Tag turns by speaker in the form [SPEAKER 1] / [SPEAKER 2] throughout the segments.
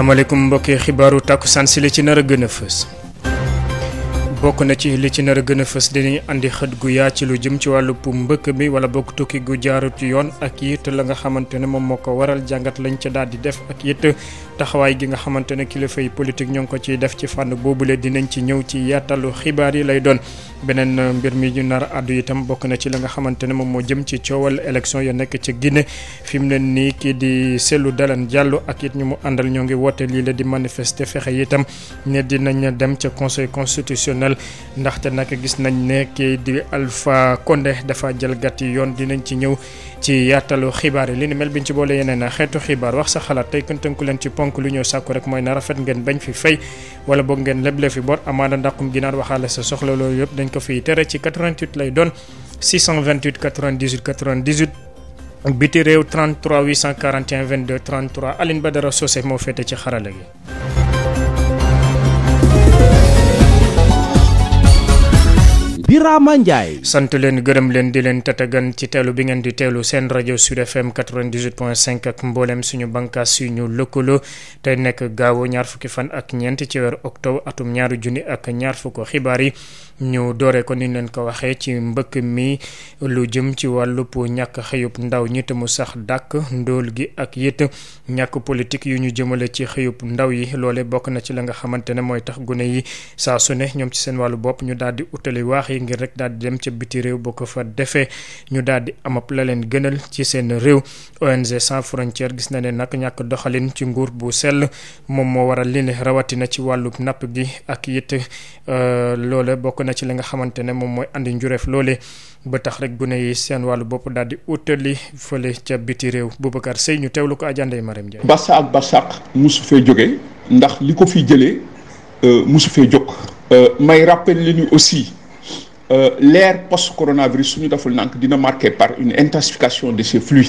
[SPEAKER 1] asalaamaaleykum mbokki xibaaru takkusaan si li ci nar a gën a fës. bokk na ci li ci nar a gën a fës dañuy indi xët gu yaa ci lu jëm ci wàllu mbëkk bi wala bokk tukki gu ci yoon ak it la nga xamante ne moom moo ko waral jàngat lañ ca daal di def ak it taxawaay gi nga xamante ne kilifa yi politique ñoo ngi ko ciy def ci fànn boobule dinañ ci ñëw ci yaatalu xibaar yi lay doon beneen euh, mbir mi ñu nar addu itam bokk na ci la nga xamante ne moom moo jëm ci coowal élection ya nekk ci Guinée fi mu ne nii kii di Cellou Dalein Diallo ak it ñu mu àndal ñoo ngi woote lii la di manifester fexe itam ne dinañ dem ca conseil constitutionnel ndaxte nag gis nañ ne kii di Alpha Condé dafa jalgati yoon dinañ ci ñëw ci yaatalu xibaar yi li ni mel biñ ci boolee yeneen xeetu xibaar wax sa xalaat tey këntënku leen ci ponk lu ñëw sàkku rek mooy na rafet ngeen bañ fi fay wala boog ngeen leble fi bor amaana ndàqum ginaar waxaale sa soxla loolu yëpp dañ ko fiy tere ci 88 lay doon 628 98 98. biti réew 33 841 22 33 Aline Badara Socé moo féete ci xarala gi. Birama Ndiaye. sant leen gërëm leen di leen tatagan ci teelu bi ngeen di teelu seen rajo Sud FM 98.5 ak mboolem suñu bànqaas suñu lëkkaloo tey nekk gaawu ñaar fukki fan ak ñeent ci weer octobre atum ñaari junni ak ñaar fukk xibaar yi. ñu dooree ko ni leen ko waxee ci mbëkk mi lu jëm ci wàllu wàllub ñàkk xëyub ndaw ñi te mu sax dàkk ndóol gi ak it ñàkk politique yu ñu jëmale ci xëyub ndaw yi loole bokk na ci la nga xamante ne mooy tax gune yi saa su ne ñoom ci seen wàllu bopp ñu daal di utali waax yi ngir rek daal di dem ca biti réew boo ko fa defee ñu daal di amab la leen gënal ci seen réew ONG sans frontières gis na ne nak ñàkk doxalin ci nguur bu sell moom moo waral li ne rawatina ci wàllu napp gi na ci li nga xamante ne moom mooy andi njureef loole ba tax rek gune yi seen wàllu bopp daal di utali fële ca biti réew Boubacar Seye ñu teewlu ko ajanday Marème Ndiaye.
[SPEAKER 2] Bassa ak Barsaq musu fee jógee ndax li ko fi jëlee euh, musu fee jóg. Euh, may rappel li ñu aussi. Euh, l'ère post-coronavirus su ñu deful nank dina marqué par une intensification de ces flux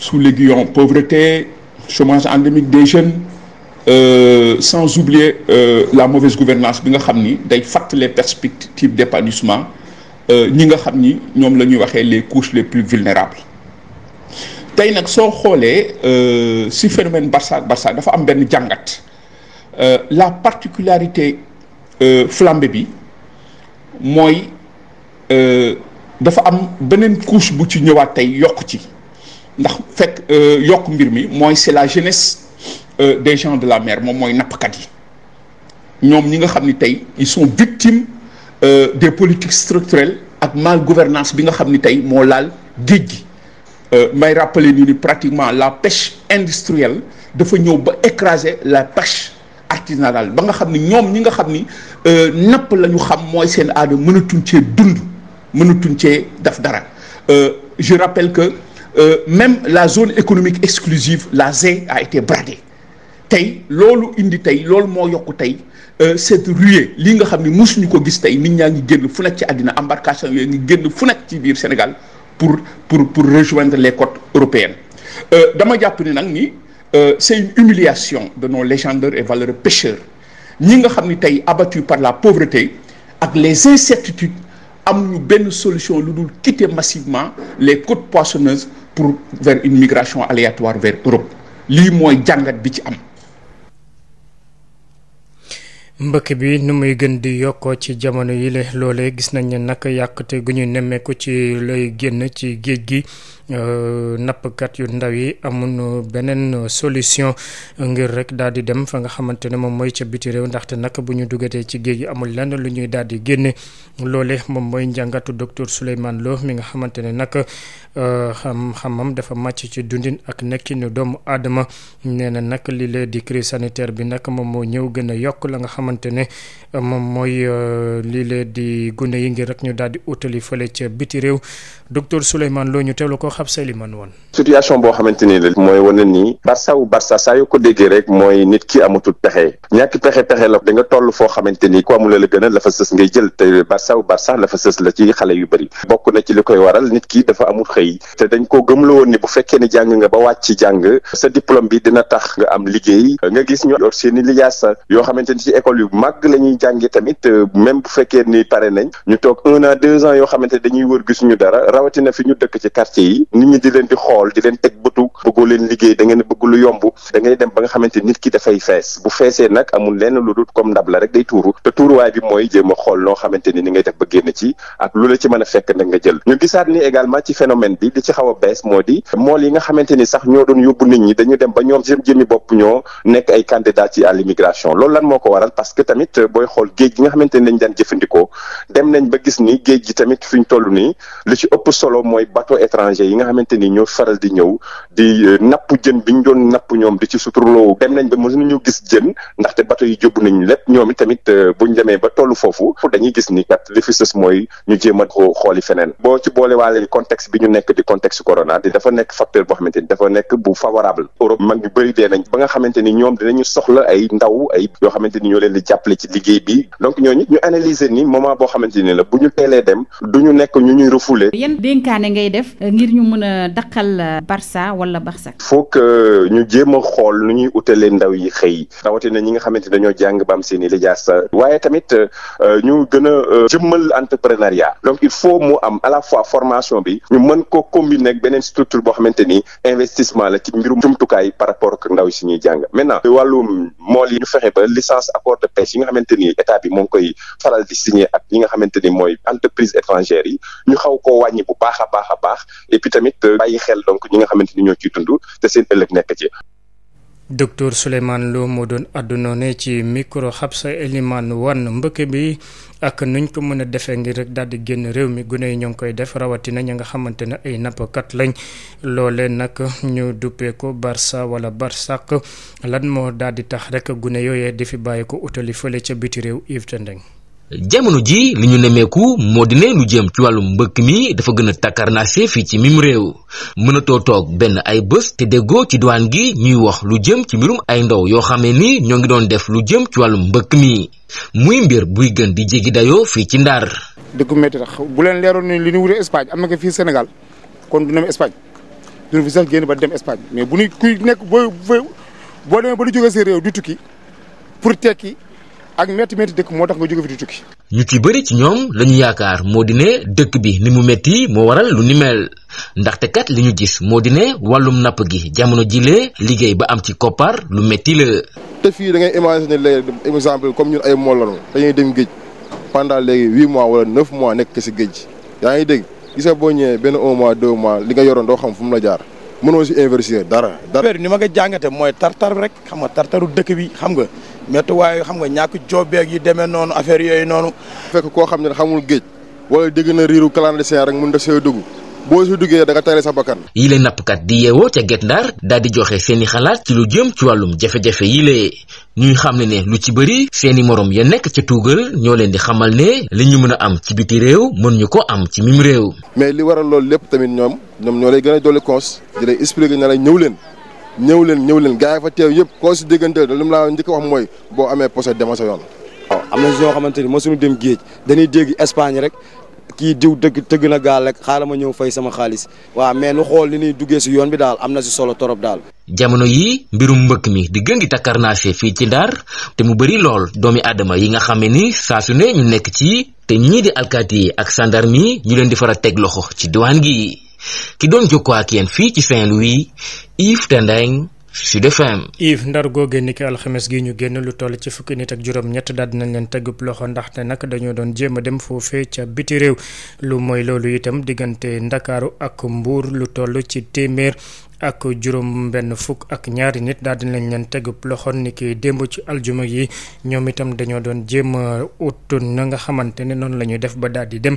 [SPEAKER 2] sous l'aiguillon pauvreté chômage endémique des jeunes Euh, sans oublier euh, la mauvaise gouvernance bi nga xam ni day fàttali les perspectives d'épanouissement euh, ñi nga xam ni ñoom la ñuy waxee les couches les plus vulnérables tey nag soo xoolee si phénomène Barça Barça dafa am benn jàngat la particularité flambée bi mooy dafa am beneen couche bu ci ñëwaat tey yokk ci ndax fekk yokk mbir mi mooy c'est la jeunesse Euh, des gens de la mer moom mooy nappkat yi ñoom ñi nga xam ni tey ils sont victimes euh, des politiques structurelles ak mal gouvernance bi nga xam ni tey moo laal géej gi euh, may rappeler ñu ni pratiquement la pêche industrielle dafa ñëw ba écraser la pêche artisanale ba nga xam ni ñoom ñi nga xam ni napp la ñu xam mooy seen aada mënatuñ cee dund mënatuñ cee def dara je rappelle que même la zone économique exclusive la ZE a été bradée tey loolu indi tey loolu moo yokk tey euh, cette ruée li nga xam ne mosuñu ko gis tey nit ñaa ngi génn fu ci àddina embarcation yooyu ngi génn fu nekk ci biir Sénégal pour pour pour rejoindre les côtes européennes euh, dama jàpp ni nag ni euh, c'est une humiliation de nos légendaires et valeureux pêcheurs ñi nga xam ni tey abattus par la pauvreté ak les incertitudes amuñu benn solution lu dul quitter massivement les côtes poissonneuses pour vers une migration aléatoire vers Europe lii mooy jàngat bi ci am
[SPEAKER 1] mbëkk bi nu muy gën di yokkoo ci jamono yi le loolee gis nañ ne nag yàqte gu ñu nemmeeku ci lay génn ci géej gi Euh, nappkat yu ndaw yi amuñu beneen solution ngir rek daal di dem fa nga xamante ne moom mooy ca biti réew ndaxte nag bu ñu duggatee ci géej gi amul lenn lu ñuy daal di génne loole moom mooy njàngatu docteur Souleymane loo mi nga xamante ne nag euh, xam-xamam dafa màcc ci dundin ak nekkinu doomu aadama nee na nag li di crise sanitaire bi nag moom moo ñëw gën a yokk la nga xamante ne moom mooy euh, lii lee di gune yi ngir rek ñu daal di utali fële ca biti réew docteur Souleymane Lo ñu teewlu ko xab say li man woon
[SPEAKER 3] situation boo xamante ni la mooy wane nii Barça wu Barça saa yoo ko déggee rek mooy nit ki amatul pexe ñàkk pexe pexe la da nga toll foo xamante ni ku amula la gën a la fa sës ngay jël te Barça wu Barça la fa sës la ci xale yu bëri bokk na ci li koy waral nit ki dafa amul xëy te dañ koo gëmloo woon ni bu fekkee ni jàng nga ba wàcc ci jàng sa diplôme bi dina tax nga am liggéey nga gis ñu yor seeni liyaasa yoo xamante ni ci école yu mag la ñuy jàngi tamit euh, même bu fekkee ni pare nañ ñu toog un an deux yoo xamante dañuy wër gisuñu dara rawatina fi ñu dëkk ci quartier yi ni ñi di leen di xool di leen teg bëtu bëggoo leen liggéey da ngeen bëgg lu yomb da ngeen dem ba nga xamante nit ki dafay fees bu feesee nag amul lenn lu dut comme ndab la rek day tuuru te tuuruwaay bi mooy jéem a xool noo xamante ni ngay def ba génn ci ak lu la ci mën a fekk nag nga jël ñu gisaat ni également ci phénomène bi li ci xaw a bees moo di mool yi nga xamante sax ñoo doon yóbbu nit ñi dañu dem ba ñoom jëm jëmi bopp ñoo nekk ay candidat ci à l'immigration loolu lan moo ko yi nga xamante ni ñoo faral Euh, napp jën bi ñu doon napp ñoom di ci suturloo dem nañ ba mësuñu gis jën ndaxte bato yi jóbbu nañu lépp ñoom i euh, ni kat li fi sës mooy ñu jéem a xooli feneen boo ci boole waale contexte bi ñu nekk di contexte corona di dafa nekk facteur boo xamante ni dafa nekk bu favorable Europe mag ñu bëri dee nañ ba nga xamante ni ñoom dinañu soxla ay ndaw ay yoo xamante ni ñoo leen di jàppale ci liggéey bi donc ñooñu ñu analyser ni moment boo xamante ni la bu ñu teelee dem du ñu nekk ñu ñu refoulé yan dénkaane ngay def euh, ngir ñu mën a daqal
[SPEAKER 4] Barça wala wala barsak.
[SPEAKER 3] ñu jéem a xool nu ñuy utalee ndaw yi xëy rawatina ñi nga xamante dañoo jàng ba am seen i waaye tamit euh, ñu gën a euh, jëmmal entrepreneuriat donc il faut mu am a la fois formation bi ñu mën ko combiner ak beneen structure boo xamante ni investissement la ci mbirum jumtukaay par rapport ak ndaw si ñuy jàng maintenant wàllum mool yi ñu fexe ba licence accord de pêche yi nga xamante ni état bi moo ngi koy ak ñi nga xamante ni mooy entreprise étrangère yi ñu xaw ko wàññi bu baax a baax a baax et puis tamit bàyyi xel donc ñi nga xamante ni ñoo ci
[SPEAKER 1] dund te moo doon àdduna ne ci micro Habsa Elimane Wane mbëkk bi ak nuñ ko mën a defee ngir rek daal di génn réew mi gune yi ñoo ngi koy def rawatina ñi nga xamante ne ay nappkat lañ loole nag ñu duppee ko Barça wala Barsàq lan moo daal di tax rek gune yooye di fi bàyyi ko utali fële ca biti réew Yves Tendeng
[SPEAKER 4] jamono ji li ñu nemmeeku moo di ne lu jëm ci wàllu mbëkk mi dafa gën a takkarnaase fii ci mim réew mënatoo toog benn ay bés te déggoo ci diwaan gi ñuy wax lu jëm ci mbirum ay ndaw yoo xam ne ni ñoo ngi doon def lu jëm ci wàllum mbëkk mi muy mbir buy gën di jéggi dayoo fii ci Ndar.
[SPEAKER 5] dëggu métti tax bu leen leeroon ni li ñu wute Espagne am na ko fii Sénégal kon du dem Espagne du fi sax génn nekk boo demee ba lu jógee sa réew du tukki pour tekki. ak métti métti dëkk moo tax nga jóge fi di tukki.
[SPEAKER 4] ñu ci bëri ci ñoom dañu yaakaar moo dinee dëkk bi ni mu métti moo waral lu ni mel ndaxte kat li ñu gis moo di wàllum napp gi jamono jilee liggéey ba am ci koppar lu métti la. te fii
[SPEAKER 5] da ngay imaginer léegi exemple comme ñun ay mool lañu ñu dem géej pendant léegi huit mois wala neuf mois nekk si géej yaa ngi dégg gis nga boo ñëwee benn un mois deux mois li nga yoroon doo mu la jaar. mënoo si dara dara. ni ma nga jàngate mooy tartar rek xam nga tartaru dëkk bi xam nga métti waaye xam nga ñàkk joobeeg yi demee noonu affaire yooyu noonu. fekk koo xam ne xamul géej wala dégg na riiru clandestin rek mun da see dugg boo si duggee danga nga tere sa bakkan.
[SPEAKER 4] yi la nappkat di yeewoo ca Guet Ndar daal di joxe seen xalaat ci lu jëm ci wàllum jafe-jafe yi la ñuy xam ne ne lu ci bëri seen i morom ya nekk ca tugal ñoo leen di xamal ne li ñu mën a am ci biti réew mën ñu ko am ci mim réew.
[SPEAKER 5] mais li waral loolu lépp tamit ñoom ñoom ñoo lay gën a dolli cons di lay na la ñëw leen. ñëw leen ñëw leen gars yi fa teew yëpp koo si déggante lu mu laa njëkk wax mooy boo amee posé dema sa yoon. waaw am na si xamante ni mosuñu dem géej dañuy dégg Espagne
[SPEAKER 6] rek kii diw dëgg tëgg na gaal rek ma ñëw fay sama xaalis waaw mais nu xool li ñuy duggee si yoon bi daal am na si solo torop daal.
[SPEAKER 4] jamono yi mbirum mbëkk mi di gën di takkarnaase fii ci Ndar te mu bëri lool doomi aadama yi nga xam ne ni saa su ne ñu nekk ci te ñii di alkaati yi ak sàndarmi ñu leen di fara teg loxo ci diwaan gi. ki doon jokkoo ak yéen fii ci Saint-Louis Yves Tendeng Sud FM.
[SPEAKER 1] Yves ndar googee ni ki gi ñu génn lu toll ci fukki nit ak juróom-ñett daal dinañ leen teggub loxo ndaxte nag dañoo doon jéem a dem foofee ca biti réew lu mooy loolu itam diggante ndakaaru ak mbuur lu toll ci téeméer. ak juróom benn fukk ak ñaari nit daal dinañ leen teg loxoon ni ki démb ci aljuma yi ñoom itam dañoo doon jéem a ut na nga xamante ne noonu la ñuy def ba daal di dem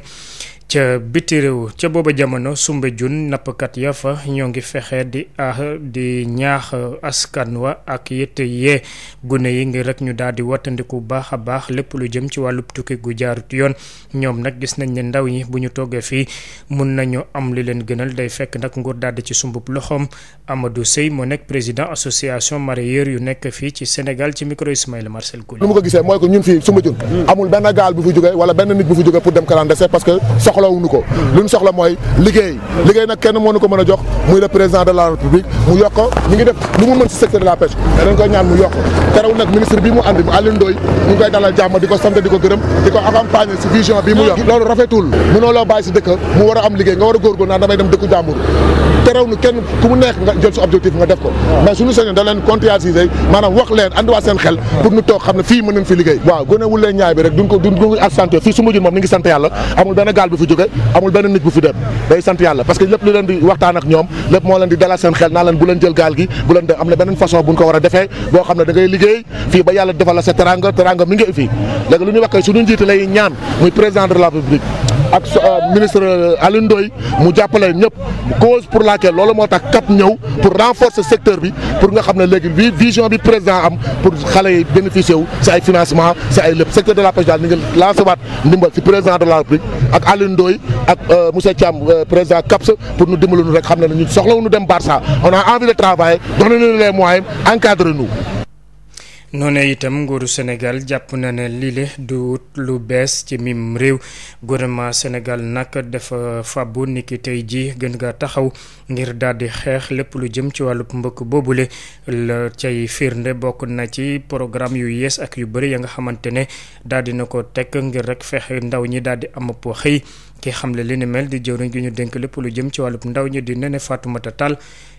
[SPEAKER 1] ca biti réew ca booba jamono Soumbédioune nappkat ya fa ñoo ngi fexee di ah di ñaax askan wa ak yëtt yee gune yi ngir rek ñu daal di wattandiku baax a baax lépp lu jëm ci wàllu tukki gu jaarut yoon ñoom nag gis nañ ne ndaw ñi bu ñu toggee fii mun nañu am li leen gënal day fekk nag nguur daal ci sumbub loxoom Amadou Seye mu nekk président association mareyeur yu nekk fii ci senegal ci micro Ismaïla Marcel Kouli.
[SPEAKER 5] ko mooy ko ñun fii Soumbédioune hmm. amul benn gaal bu soxlawuñu ko li soxla mooy liggéey liggéey nag kenn moo ñu ko mën a jox muy le président de la république mu yokk mi ngi def lu mu mën si secteur de la pêche dañ koy ñaan mu yokk terewul nag ministre bi mu andi mu Alioune Ndoye ñu dalal jàmm di ko sant di ko gërëm di ko accompagner si vision bi mu yokk loolu rafetul mënoo loo bàyyi si dëkk mu war a am liggéey nga war a góorgóor naa damay dem dëkku jàmbur terewul kenn ku mu neex nga jël sa objectif nga def ko mais suñu sañoon da leen conscientiser maanaam wax leen andiwaat seen xel pour ñu toog xam ne fii mën nañ fi liggéey waaw gone wul ñaay bi rek duñ ko duñ yàlla parce que lépp li leen di waxtaan ak ñoom lépp moo leen di dalal seen xel naa leen bu leen jël gaal gi bu leen de am na beneen façon buñ ko war a defee boo xam ne da liggéey fii ba yàlla defal la sa teranga teranga mi ngi ak euh, ministre euh, Alioune Ndoye mu jàppale ñëpp cause pour laquelle loolu moo tax CAP ñëw pour renforcer secteur bi pour nga xam ne léegi vi vision bi président am pour xale yi bénéficier wu si ay financement si ay lépp secteur de la pêche daal ndimbal si président de la République ak Alioune Ndoye ak euh, monsieur Thiam président CAPS pour nu dimbalu nu rek xam ne ñu soxlawu nu dem Barça on a envie de travailler donne-nous les encadre nous noone
[SPEAKER 1] itam nguuru Sénégal jàpp na ne lile du lu bees ci mim réew gouvernement Sénégal nag dafa fabu niki tey ji gën gaa taxaw ngir daal di xeex lépp lu jëm ci wàllu mbëkk boobule la cay firnde bokk na ci programme yu yees ak yu bëri ya nga xamante ne daal di na ko teg ngir rek fexe ndaw ñi daal di am po xëy ki xamle li ni mel di jëwriñ gi ñu denk lépp lu jëm ci wàllub ndaw ñi di Néné Fatoumata Tall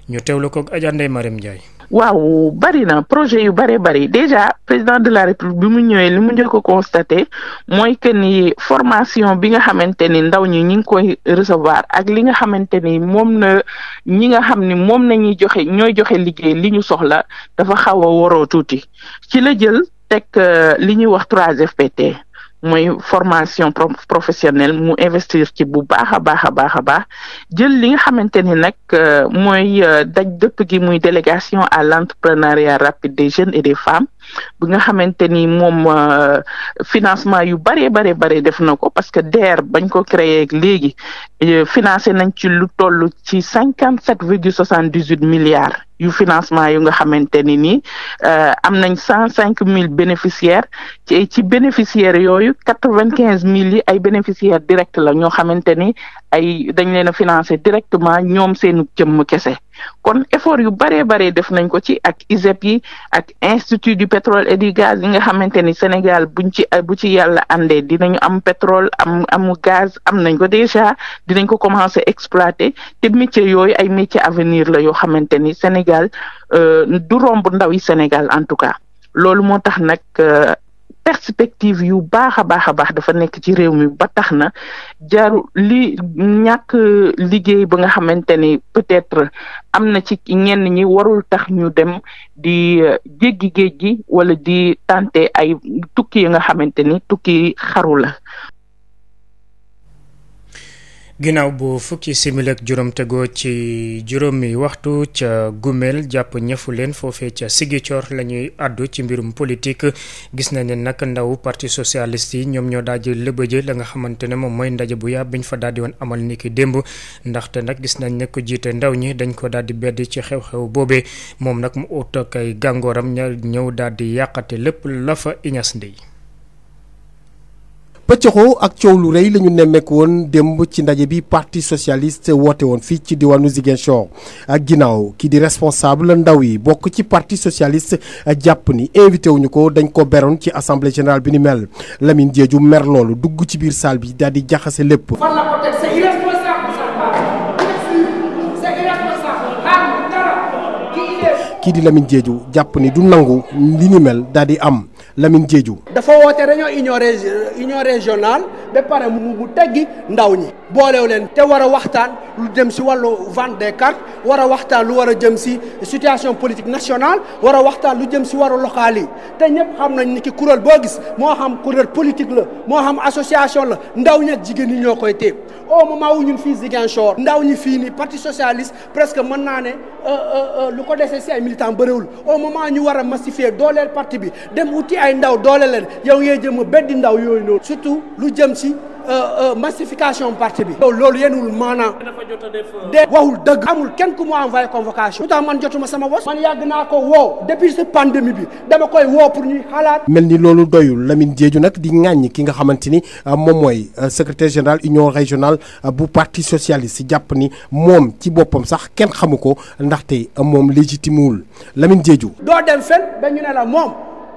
[SPEAKER 1] ñu teewlu ko ak Adja Ndeye Mariam Ndiaye
[SPEAKER 7] waaw bari na projet yu bare bari déjà président de la république bi mu ñëwee li mu njëkk a constaté mooy que ni formation bi nga xamante ni ndaw ñi ñi ngi koy recevoir ak li nga xamante ni moom na ñi nga xam ni moom nañuy joxe ñooy joxe liggéey li ñu soxla dafa xaw a waroo tuuti ci la jël teg euh, li ñuy wax 3FPT mooy formation professionnelle mu investir ci bu baax a baax a baax a baax jël li nga xamante ni nag euh, mooy euh, daj dëpp gi muy délégation à l'entrepreneuriat rapide des jeunes et des femmes bi nga xamante ni moom euh, financement yu bare bare bare def na ko parce que DER bañ ko créé léegi euh, financé nañ ci lu toll ci cinquante sept virgule soixante dix huit milliards yu financement yu nga xamante ni nii euh, am nañ cent cinq mille bénéficiaires ci ci bénéficiaires yooyu quatre vingt quinze mille yi ay bénéficiaires direct la ñoo xamante ni ay dañ leen a financé directement ñoom seenu jëmm kese kon effort yu baree baree def nañ ko ci ak ISEP yi ak institut du pétrole et du gaz nga xamante ni Sénégal buñ ci bu ci yàlla àndee dinañu am pétrole am am gaz am nañ ko déjà dinañ ko commencer exploiter te métier yooyu ay métier avenir la yoo xamante ni Sénégal euh, du romb ndaw yi Sénégal en tout cas loolu moo tax nag euh, perspective yu baax a baax a baax dafa nekk ci réew mi ba tax na jaru li ñàkk liggéey ba nga xamante ni peut-être am na ci ngen ñi warul tax ñu dem di euh, jéggi géej gi wala di tenter ay tukki yi nga xamante ni tukki xaru la
[SPEAKER 1] ginnaaw bu fukki simili juróom tegoo ci juróomi waxtu ca gumeel jàpp ñëfu leen foofee ca Sigicoor la ñuy àddu ci mbirum politique gis nañ ne nag ndaw parti socialiste yi ñoom ñoo daal di lëbëje la nga xamante ne moom mooy ndaje bu yaa biñ fa daal di woon amal ni ki démb ndaxte nag gis nañ ne ko jiite ndaw ñi dañ ko daal di bedd ci xew-xew boobee moom nag mu ut gàngooram ña ñëw daal di yàqate lépp la fa Ignace
[SPEAKER 8] pëccëxoo ak coow lu rëy la ñu woon démb ci ndaje bi parti socialist woote woon fii ci diwaanu Ziguinchor ak ginnaaw kii di responsable ndaw yi bokk ci parti socialiste jàpp ni invité wuñu ko dañ ko beroon ci assemblée générale bi ni mel Lamine Diédhiou mer loolu dugg ci biir salle bi daal di jaxase lépp. kii di lamin Diédhiou jàpp ni du nangu li ni mel daal am. Lamine Diédhiou
[SPEAKER 9] dafa woote réunion union union régionale ba mu mu teggi ndaw ñi boolew leen te war a waxtaan lu jëm si wàllu vente des cartes war a waxtaan lu war a jëm si situation politique nationale wara waxtaan lu jëm si waru local yi te ñëpp xam nañ ni ki kuréel boo gis moo xam kuréel politique la moo xam association la ndaw ñi jigéen ñi ñoo koy téye au moment wu ñun fii Ziguinchor ndaw ñi fii nii parti socialiste presque mën naa ne euh, euh, euh, lu ko desee si ay militant bëriwul au moment ñu war a massifier dooleel parti bi dem uti ay ndaw doole leen yow ngay jëm a ndaw yooyu ci euh, euh, massification parti bi. loolu yéenul maanaam.
[SPEAKER 1] Euh,
[SPEAKER 9] de waxul dëgg. amul kenn ku mu envoyé convocation. lu tax man jotuma sama bos. man yàgg naa ko woo. depuis ce pandémie bi dama koy woo pour ñuy xalaat.
[SPEAKER 8] mel ni loolu doyul Lamine Diédhiou nag di ŋàññi ki nga xamante ni moom mooy secrétaire général union régional bu parti socialiste jàpp ni moom ci boppam sax kenn xamu ko ndaxte moom légitimewul Lamine Diédhiou.
[SPEAKER 9] doo dem fenn ba ne la moom.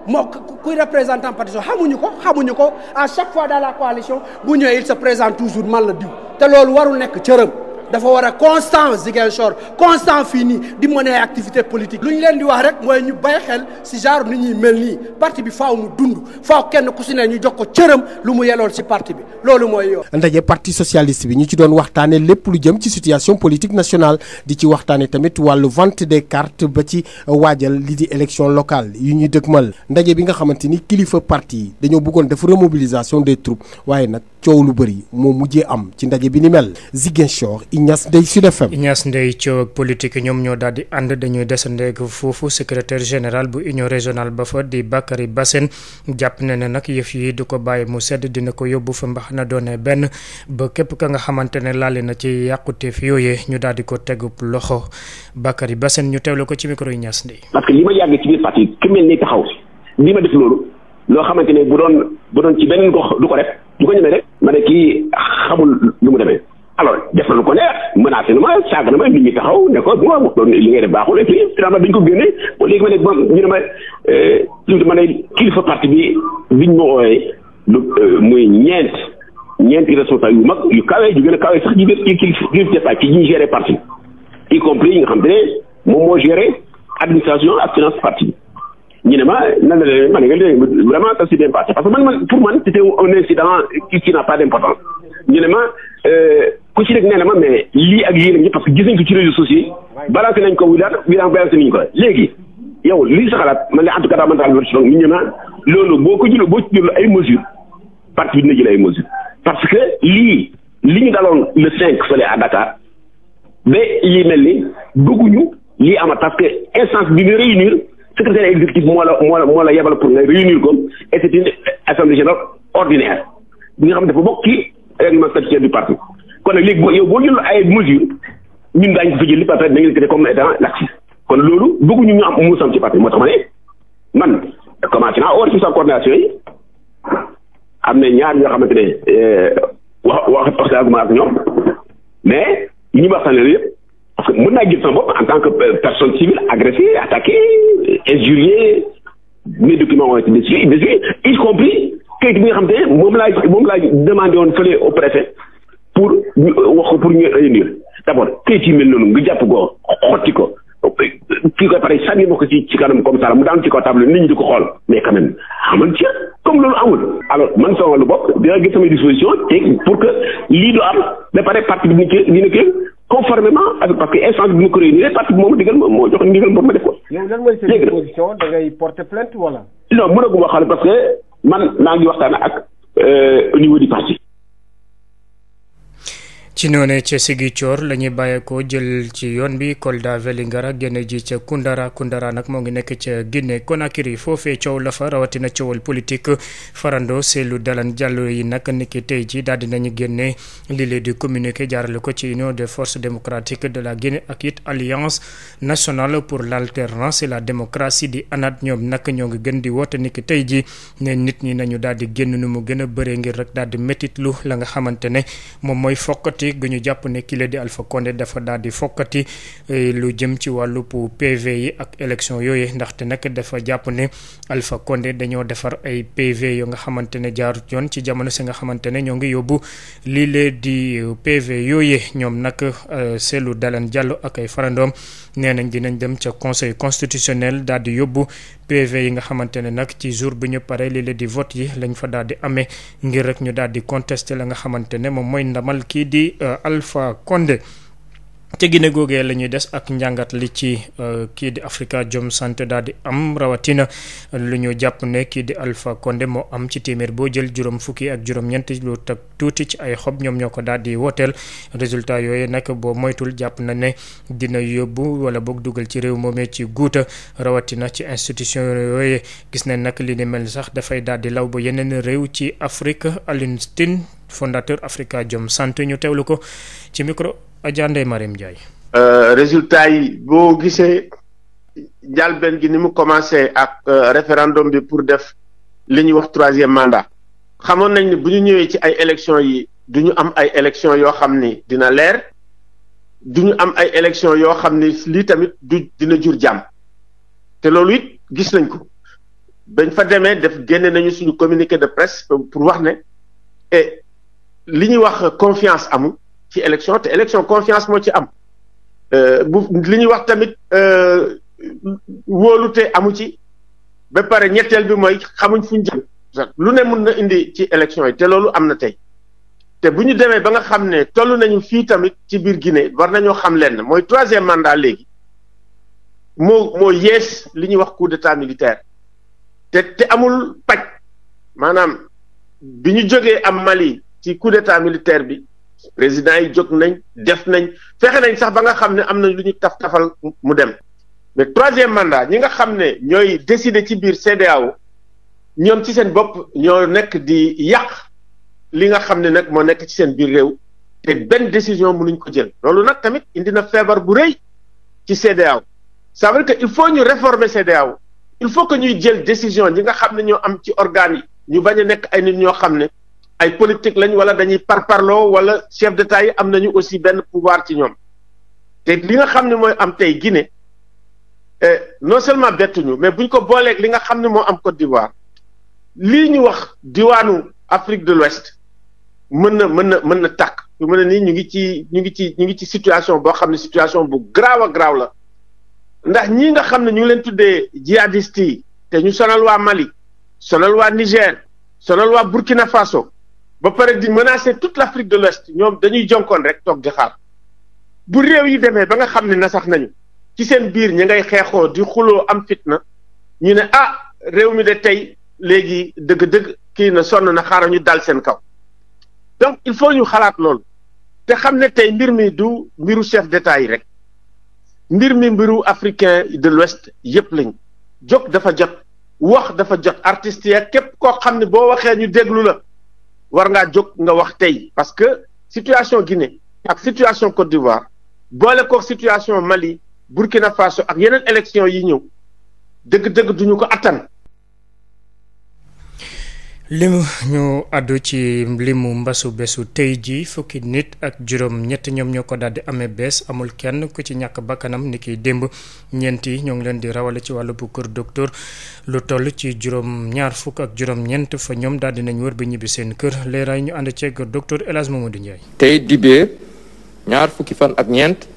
[SPEAKER 9] moo kuy représentant partition xamuñu ko xamuñu ko à chaque fois dans la coalition bu ñëwee il se présente toujours man la diw te loolu warul nekk cëram dafa war a constant Ziguinchor constant fii nii di mën ay activité politique lu ñu leen di wax rek mooy ñu bàyyi xel si genre ni ñuy mel nii parti bi faw mu dund faaw kenn ku si ne ñu jox ko cëram lu mu yelool si parti bi loolu mooy yoon.
[SPEAKER 8] ndaje parti socialiste bi ñu ci doon waxtaanee lépp lu jëm ci situation politique nationale di ci waxtaanee tamit wàllu vente des cartes ba ci waajal li di élection locale yu ñuy dëgmal ndaje bi nga xamante ni kilifa parti dañoo bëggoon def remobilisation des troupes waaye nag. coow lu bëri moo mujjee am ci ndaje bi ni mel Ziguinchor
[SPEAKER 1] Ignace Ndeye Sud FM. Ignace Ndeye coow ak politique ñoom ñoo daal di ànd dañuy desandeeg foofu secrétaire général bu union régionale ba fa di Bakary Bassène jàpp na ne nag yëf yi du ko bàyyi mu sedd dina ko yóbbu fa mbax na doone benn ba képp ka nga xamante ne laale na ci yàquteef yooyee ñu daal di ko tegu loxo Bakary Bassène ñu teewlu ko ci micro Ignace Ndeye.
[SPEAKER 10] parce li ma yàgg ci biir parti ki mel bu ko ñemee rek ma ne kii xamul lu mu demee alors def na lu ko neex menacé na ma saaga na ma nit ñi taxaw ne ko bon li ngay def baaxul et puis finalement dañ ko génne l léegi ma ne bon ñu ne ma li euh, ma ne kilifa parti bi biñ ma ooyee lu euh, muy ñeent ñeenti responsable yu mag yu kawe yu gën a kawe sax ñuy gérer parti y yi nga xam te ne moom moo gérer administration ak finance parti ñu ne ma nan la leen ma ne vraiment ça s'est bien passé parce que man man pour man c'était un incident qui qui n'a pas d'importance ñu ne ma euh, ku ci nekk nee na ma mais lii ak lii lañu parce que gis nañ ko ci réseaux sociaux yi nañ ko wilaat wilaat balancé nañ ko léegi yow lii sa xalaat man la en tout cas daa man daal loolu si donc ñu ne ma loolu boo ko jëloo boo ci jëloo ay mesures parti bi dina jël ay mesures parce que lii li ñu daloon le cinq fële à Dakar ba lii mel ni bëgguñu lii ama parce que instance bi ñu réunir secrétaire exécutif moo la moo la moo la yebal pour nga réunir ko et c'est une ordinaire bi nga xam ne dafa bokk ci règlement statutaire du parti kon nag léegi boo yow boo jël ay mesures ñun daañu ko fa jël li parti dañu leen comme étant laxiste kon loolu bëgguñu ñu mu sam ci parti moo tax ma man commencé naa or ci sa yi am na ñaar ñoo xamante ne euh, wax wax waxtaan ak ñoom mais ñu waxtaanee yëpp. parce que mën naa gis sama bopp en tant que personne civile agressée attaquée injuriée mes documents ont été détruits détruits y compris kayit bi nga xam te moom laa moom laa demandé woon fële au préfet pour wax ko pour ñu réunir d'abord kayit yi mel noonu nga jàpp ko xotti ko kii ko pare sànni ma ko ci ci kanam comme ça mu daan ci ko table nit ñi di ko xool mais quand même aman ci comme loolu amul alors man sama wàllu bopp dinaa te pour que lii du am ba pare parti conformément avec parce que instance bi ma ko réunir parti bi moom digal ma moo jox ndigal ma ma def ko. léegi lan mooy seen position da parce que man maa ngi waxtaan ak euh, au niveau du parti.
[SPEAKER 1] ci noonee ca Ziguinchor la ñuy bàyyeekoo jël ci yoon bi Kolda Vélingara génn ji ca Koundara Koundara nag moo ngi nekk ca Guinée Conakry foofee coow la fa rawatina coowal politique farando seelu dalan jàllo yi nag niki tey ji daal dinañu génne lii lee di communiqué jaarale ko ci union des forces démocratiques de la Guinée ak it alliance nationale pour l'alternance et la démocratie di anaat ñoom nag ñoo ngi gën di woote niki tey ji ne nit ñi nañu daal di génn nu mu gën a bëree ngir rek daal di métitlu la nga xamante politique gu ñu jàpp ne kii la di Alpha Condé dafa daal di fokkati eh, lu jëm ci wàllu PV yi ak élection yooyu ndaxte nag dafa jàpp ne alfa konde dañoo defar ay PV yoo nga xamante ne jaarut yoon ci jamono si nga xamante ne ñoo ngi yóbbu lii lee di eh, PV yooyu ñoom nag seetlu eh, dalan jàll ak ay farandoom nee nañ dinañ dem ca conseil constitutionnel daal yóbbu PV yi nga xamante ne nag ci jour bi ñu paree lii di vote yi lañ fa daal di amee ngir rek ñu daal di contester la nga xamante ne moom mooy ndamal kii di euh, Alpha Condé. ca Guinée googee la ñuy des ak njàngat li ci euh, kii di Afrikajom sant daal di am rawatina lu ñu jàpp ne kii di Alpha Condé moo am ci téeméer boo jël juróom fukki ak juróom-ñeent lu tak tuuti ci ay xob ñoom ñoo ko daal di wooteel résultat yooyu nag boo moytul jàpp na ne dina yóbbu wala boog dugal ci réew moomee ci guuta rawatina ci institution yooyu gis na nag li ni mel sax dafay daal di law bu yeneen réew ci Afrique Alioune Tine africa Afrikajom sant ñu teewlu ko ci micro. Adja Ndeye Mariam Ndiaye.
[SPEAKER 11] Euh, résultat yi boo gisee njàlbeen gi ni mu commencé ak euh, référendum bi pour def li ñuy wax troisième mandat xamoon nañ ne bu ñu ñëwee ci ay élections yi du ñu am ay élections yoo xam ni dina leer du ñu am ay élections yoo xam ni lii tamit du dina jur jàmm te loolu it gis nañ ko bañ fa demee def génne nañu suñu communiqué de presse pour wax ne eh, li ñuy wax confiance amul. ci élection te élection confiance moo ci am euh, bu li ñuy wax tamit euh, wóolute amu ci ba pare ñetteel bi mooy xamuñ fu ñu lu ne mun na indi ci élection yi te loolu am na tey te bu ñu demee ba nga xam ne toll nañu fi tamit ci biir gine war nañoo xam lenn mooy troisième mandat léegi moo moo yees li ñuy wax coup d'état militaire te te amul paj maanaam bi ñu jógee am Mali ci coup d'état militaire bi président yi jóg nañ hmm. def nañ fexe nañ sax ba nga xam ne am nañ lu ñu taf tafal mu dem mais troisième mandat ñi nga xam ne ñooy décider ci biir CEDEAO ñoom ci seen bopp ñoo nekk di yàq li nga xam ne nag moo nekk ci seen biir réew te benn décision mënuñ ko jël loolu nag tamit indi na feebar bu rëy ci CEDEAO ça veut dire que il faut ñu réformer CEDEAO il faut que ñuy jël décision ñi nga xam ne ñoo am ci organes yi ñu bañ a nekk ay nit ñoo xam ne ay politique lañ wala dañuy parparloo wala chef d'état yi am nañu aussi benn pouvoir ci ñoom te li nga xam ne mooy am tey Guinée eh, non seulement bettuñu mais buñ ko booleeg li nga xam ne moo am Côte d'Ivoire lii ñu wax diwaanu Afrique de l'Ouest mën na mën na mën na tàkk su mën ne nii ñu ngi ci ñu ngi ci ñu ngi ci situation boo xam ne situation bu graaw a graaw la ndax ñii nga xam ne ñu ngi leen tuddee jihadistes te ñu sonal waa Mali sonal waa Niger sonal waa Burkina Faso ba pare di menacer tout l'Afrique de l'Ouest ñoom dañuy jonkoon rek toog di xaar bu réew yi demee ba nga xam ne na sax nañu ci seen biir ñi ngay xeexoo di xuloo am fitna ñu ne ah réew mi de tey léegi dëgg-dëgg kii na sonn na xaaral ñu dal seen kaw donc il faut ñu xalaat loolu te xam ne tey mbir mi du mbiru chef d'état yi rek mbir mi mbiru africain de l'Ouest yépp lañ jóg dafa jot wax dafa jot artist ya képp koo xam ne boo waxee ñu déglu la war ngaa jóg nga wax tey parce que situation Guinée ak situation Côte d'Ivoire boole ko situation Mali Burkina Faso ak yeneen élection yi ñëw dëgg-dëgg duñu ko attan
[SPEAKER 1] limu ñu àddu ci limu mbasu bésu tey jii fukki nit ak juróom ñett ñoom ñoo ko daldi amee bees amul kenn ku ci ñàkk bakkanam ni ki démb ñeenti ñoo ngi leen di rawale ci wàllu bu kër docteur lu toll ci juróom ñaar fukk ak juróom ñeent fa ñoom daldi nañ wër bi ñibbi seen kër leeraay ñu ànd ceeg docteur El Hadj du Ndiaye.
[SPEAKER 12] tey di dibéer ñaar fukki fan ak ñeent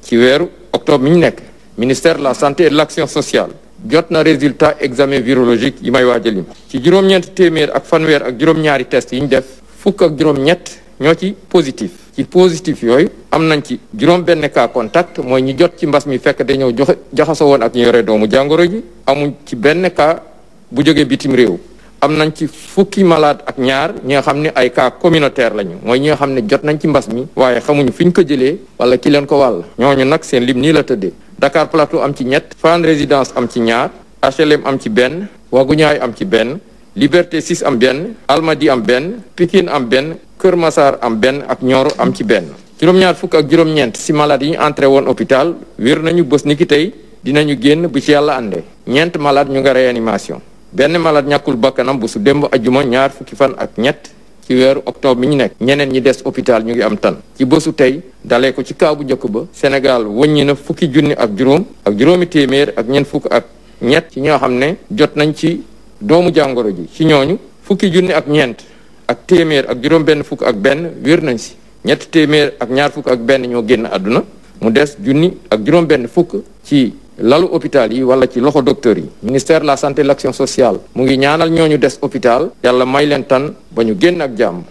[SPEAKER 12] ci weeru octobre mi ñu nekk ministère la santé et de l'action sociale. jot na résultat examen virologique yi may waaj a ci juróom-ñeent téeméer ak fanweer ak juróom-ñaari test yi ñu def fukk ak juróom-ñett ñoo ci positif ci positif yooyu am nañ ci juróom benn cas contact mooy ñi jot ci mbas mi fekk dañoo joxe jaxaso woon ak ñu yore doomu jàngoro ji amuñ ci benn ka bu jógee bitim réew am nañ ci fukki malade ak ñaar ñi nga xam ne ay cas communautaire lañu mooy ñi nga xam ne jot nañ ci mbas mi waaye xamuñu fi ñu ko jëlee wala ki leen ko wàll ñooñu nag seen lim nii la tëddee Dakar Plateau am ci ñett Fann Résidence am ci ñaar HLM am ci benn Waguñaay am ci benn Liberté 6 am benn Almadi am benn Pikine am benn Kër masaar am benn ak Nioro am ci benn juróom-ñaar fukk ak juróom-ñeent si malade yi ñu entré woon hôpital wér nañu bës ni ki tey dinañu génn bu ci yàlla àndee ñeent malade ñu nga réanimation benn malade ñàkkul bakkanam bu su démb ajuma ñaar fukki fan ak ñett ci weeru octobre mi ñu nekk ñeneen ñi des hôpital ñu ngi am tan ci bësu tey dalee ko ci kaw bu njëkk ba Sénégal wëññi na fukki junni ak juróom ak juróomi téeméer ak ñeent fukk ak ñett ci ñoo xam ne jot nañ ci doomu jàngoro ji ci ñooñu fukki junni ak ñeent ak téeméer ak juróom benn fukk ak benn wér nañ si ñett téeméer ak ñaar fukk ak benn ñoo génn àdduna mu des junni ak juróom benn fukk ci lalu hôpital yi wala ci loxo docteur yi ministère de la santé et de l'action sociale mu ngi ñaanal ñooñu des hôpital yàlla may leen ba ñu génn ak jàmm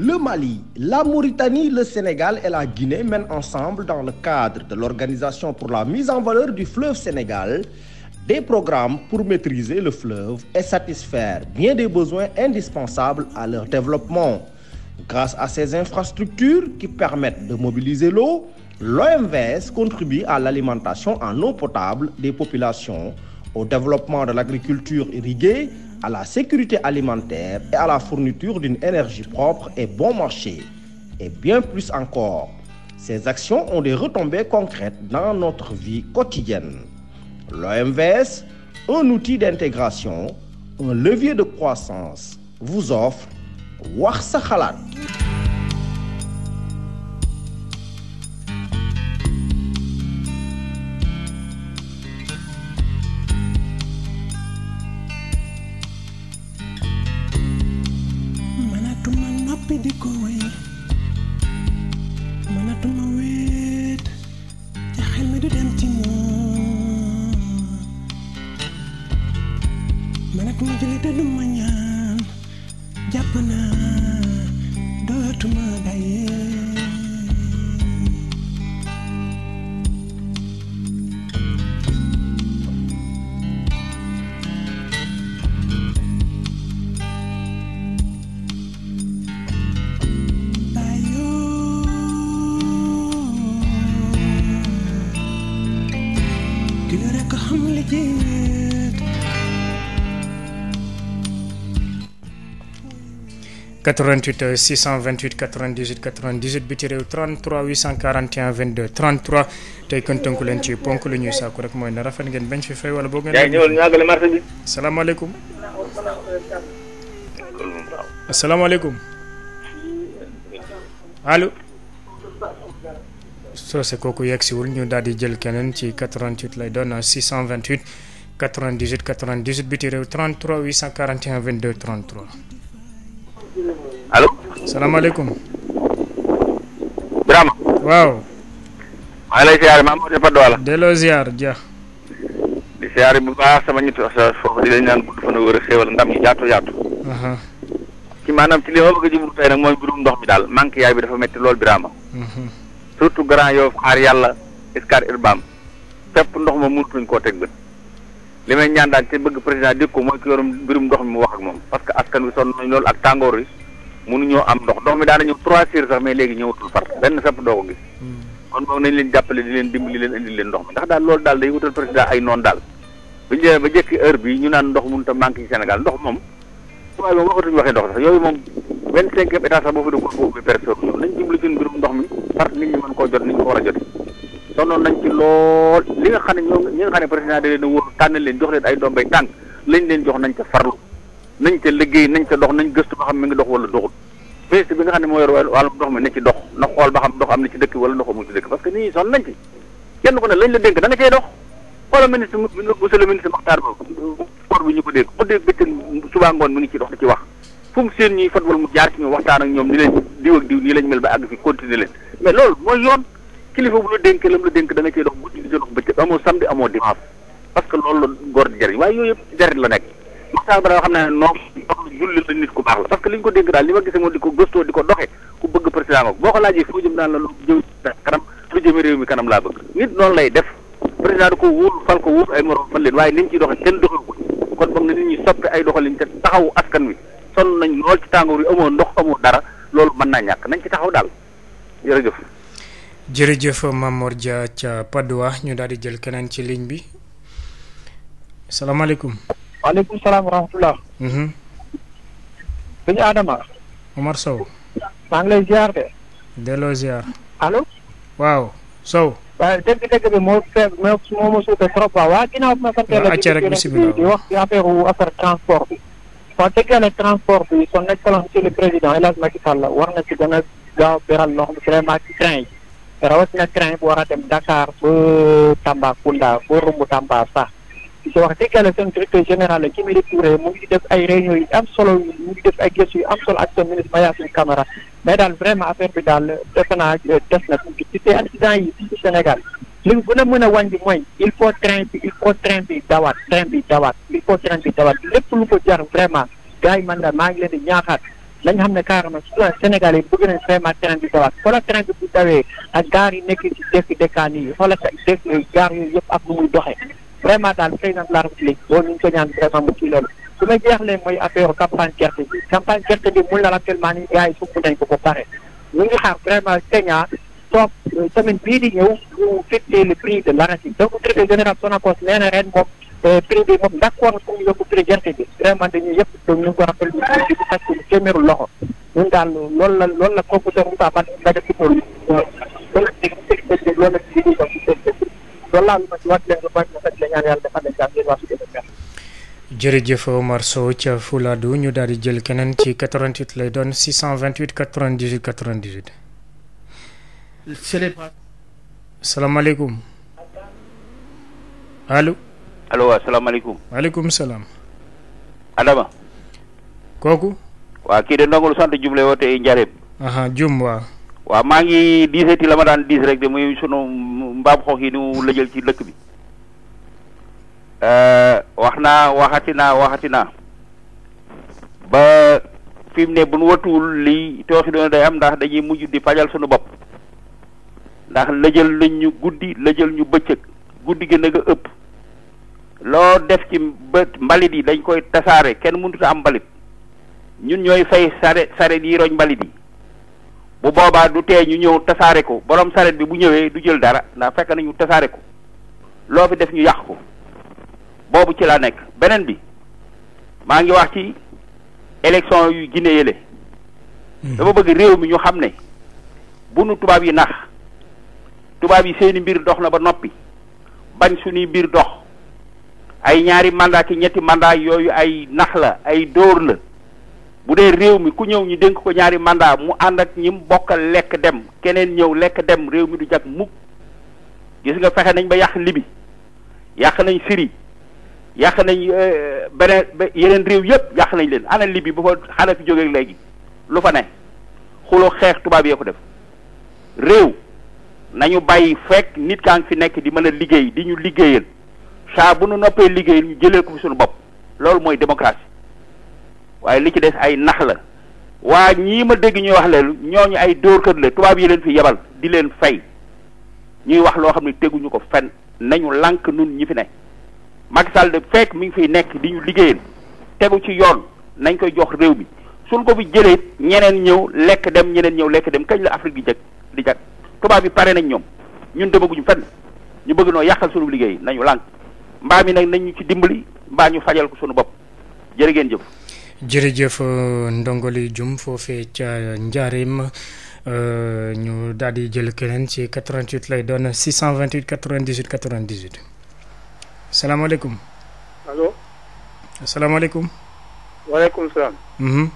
[SPEAKER 6] Le Mali, la Mauritanie, le Sénégal et la Guinée mènent ensemble dans le cadre de l'Organisation pour la mise en valeur du fleuve Sénégal des programmes pour maîtriser le fleuve et satisfaire bien des besoins indispensables à leur développement. Grâce à ces infrastructures qui permettent de mobiliser l'eau, l'OMVS contribue à l'alimentation en eau potable des populations, au développement de l'agriculture irriguée, à la sécurité alimentaire et à la fourniture d'une énergie propre et bon marché. Et bien plus encore, ces actions ont des retombées concrètes dans notre vie quotidienne. L'OMVS, un outil d'intégration, un levier de croissance, vous offre wax sa xalaat
[SPEAKER 1] 88 628 98 98 bi ci réew 33 841 22 33 tey kon tënku leen ci ponk lu ñuy sàkku rek mooy ne rafet ngeen bañ fi fay wala boo ngeen. yaay ñëwal ñu àggale marché bi. salaamaaleykum. asalaamaaleykum. allo. soo se kooku yegg siwul ñu daal di jël keneen ci 88 lay doon 628 98 98 bi ci réew 33 841 22 33. salaamaaleykum. Birama. waaw. maa ngi lay ziar
[SPEAKER 13] maa ngi lay ziar.
[SPEAKER 1] delloo ziar Dia.
[SPEAKER 13] di ziar bu baax sama ñitt sa foofu di lañ naan gudd fan wër a xéewal ndam yi yaatu yaatu. ci maanaam ci li ma bëgg a jublu nag mooy mbirum ndox mi daal manque yaay bi dafa metti lool Birama. Mhm. surtout Grand Yoff xaar yàlla Scat Urbam fépp ndox ma mënatuñ koo teg bët. li may ñaan daal te bëgg président dégg mooy ki yorum mbirum ndox mi mu wax ak moom parce que askan wi sonn nañ lool ak tàngoor wi. mënuñoo am ndox ndox mi daana ñëw trois heures sax mais léegi ñëwatul far benn sapp doo ko gis hmm. kon moom nañ leen jàppale di leen dimbali leen indi leen ndox mi ndax ñu naan ndox mënut a manqué ci Sénégal ndox moom waaye moom waxatuñu waxee ndox sax yooyu moom vingt nit ñi mën koo jot ni ñu ko war a jote sonnoon nañ ci lool li nga xam ne ñoo ñi leen a jox leen ay tànk lañ leen jox nañ ca farlu nañ ca liggéey nañ ca dox nañ gëstu ba xam mi ngi dox wala doxul ministre bi nga xam ne moo yor wàllum ndox mi na ci dox na xool ba xam dox ci dëkk wala ndox ci dëkk parce seen ñuy fatwal mu jaar ci ñoom waxtaan ak ñoom ni leen diw ak diw nii lañ mel ba àgg fi continuer leen mais loolu mooy yoon kilifa bu la dénk lam la dénk da nga cay dox guddi di dox bëccëg amoo samedi amoo dimanche parce que loolu la góor di waaye yooyu yëpp jarit la nekk Makhtar Ba xam naa ne noom dox lu nit ku baax la parce que li ñu ko dégg daal li ma gisee moom di ko gëstoo di ko doxee ku bëgg président nga boo ko laajee foo jëm daan la lu jëm kanam réew mi kanam laa bëgg noonu lay def président ko wóolu fal ko wóolu ay morom fan leen waaye ni ñu ciy doxee kenn doxewul kon boog na nit ñi soppi ay doxalin te taxawu askan wi sonn nañ lool ci tàngoor yi amoo ndox amoo dara loolu mën naa ñàkk nañ ci taxaw daal jërëjëf
[SPEAKER 1] jërëjëf Mamor Dia ca Padoa ñu daal di jël keneen ci ligne bi waaleykum salaam wa rahmatulah. sëñ mhm. Adama. Omar Sow. maa ngi lay ziar de. delloo ziar. allo. waaw Sow. waaye dégg-dégg
[SPEAKER 14] bi moo fee moo ma suufee trop waaw waa ginnaaw bi ma sant la. acca rek bisimilah di wax ci affaire wu affaire transport bi. wax dëgg yàlla transport bi son excellence monsieur le président El Hadj Macky Sall war na ci gën a gaaw beral loxo bi vraiment ci train yi. rawatina dem Dakar ba Tambacounda ba Rumbu Tamba sax. si wax dëgg yàlla seen directeur général la Mimi Touré mu ngi def ay réunion yu am solo mu ngi def ay gëstu yu am solo ak seen ministre Mayacine Camara mais daal vraiment affaire bi daal defe naa euh, des na ci te accident yi fii Sénégal li mu gën a mën a wàññi mooy il faut train bi il faut train bi dawaat train bi dawaat il faut train bi dawaat lépp lu ko jar vraiment gaa yi man daal maa ngi leen di ñaaxaat lañ xam ne carrément surtout Sénégal yi bëgg nañ vraiment train bi dawaat xoolal train bi bu dawee ak gaar yi nekk ci dëkk dëkkaan yi xoolal ak nu muy doxee vraiment daal président de la république boo ñu ko ñaan vraiment mu kii loolu su ma jeexlee mooy affaire campagne gerte bi campagne gerte mun na actuellement ni gars yi sumb nañ ko pare ñu ngi xaar vraiment Kenya toog semaine bii di ñëw ñu fixé le prix de l'arachide donc directeur général Sonacos nee a ren moom prix bi moom d'accord pour ñu yokk prix gerte bi vraiment dañuy yëpp ñu ngi ko ñu ngi ko ñu téeméeru loxo ñun daal loolu la loolu la professeur Moussa Baldé nga def loolu loolu la loolu la loolu la loolu la loolu la loolu la ñaan yàlla
[SPEAKER 1] jërëjëf Omar Sow ca Fuladu ñu daal di jël keneen ci 88 lay doon 628 98 98. salaamaaleykum. allo.
[SPEAKER 13] allo waaw salaamaaleykum.
[SPEAKER 1] maaleykum salaam. Adama. kooku.
[SPEAKER 13] waa kii de ndongolu sant Dioum lay wootee Ndiarème. Dioum waaw. waaw maa ngi diisati la ma daan diis rek de muy sunu mbaam xox yi nu la jël ci dëkk bi. Eh, wax naa waxati naa waxati naa ba fi ne bu nu watuwul lii tooxi doona day am ndax dañuy mujj di fajal suñu bopp ndax lëjal nañ ñu guddi lëjal ñu bëccëg guddi gi na nga ëpp loo def ci bët mbalit yi dañ koy tasaare kenn mënut a am mbalit ñun ñooy fay sare saret yi roñ mbalit yi bu boobaa du tee ñu ñëw tasaare ko borom saret bi bu ñëwee du jël dara ndax fekk nañu tasaare ko loo fi def ñu yàq ko boobu ci laa nekk beneen bi maa ngi wax ci élection yu Guinée yële hmm. dama bëgg réew mi ñu xam ne bu nu tubaab yi nax tubaab yi seeni mbir dox na ba noppi bañ suñuy mbir dox ay ñaari mandat ki ñetti màndaa yooyu ay nax la ay dóor la bu dee réew mi ku ñëw ñu dénk ko ñaari mandat mu ànd ak ñi mu bokkal lekk dem keneen ñëw lekk dem réew mi du jag mukk gis nga fexe nañ ba yàq Libi yàq nañ Syrie yàq nañ euh, beneen yeneen réew yëpp yàq nañ leen ana Libye ba fa xanaa fi jógee léegi lu fa ne xuloo xeex tubaab yee ko def réew nañu bàyyi fekk nit kaa ngi fi nekk di mën a liggéey di ñu liggéeyal saa bu nu noppee liggéey ñu jëlee ko fi suñu bopp loolu mooy démocratie waaye li ci des ay nax la waa ñii ma dégg ñuy wax leen ñooñu ay dóorkat la tubaab yi leen fi yebal di leen fay ñuy wax loo xam ne teguñu ko fen nañu lànk nun ñi fi ne Macky Sall de fekk mi ngi fiy nekk di ñu liggéeyal tegu ci yoon nañ koy jox réew mi suñ ko fi jëlee ñeneen ñëw lekk dem ñeneen ñëw lekk dem kañ la Afrique bi jag di jag tubaab bi pare nañ ñoom ñun demaguñu fenn ñu bëgg noo yàqal suñu liggéey nañu lànk mbaa mi nag nañ ci dimbali mbaa ñu fajal ko suñu bopp jërë
[SPEAKER 1] ngeen jëf. jërëjëf Ndongoli Dioum foofee ca Njaareem euh, ñu daal di jël keneen ci 88 lay doon 628 98 98. salaamaaleykum. allo. salaamaaleykum.
[SPEAKER 15] waaleykum salaam. Mhm.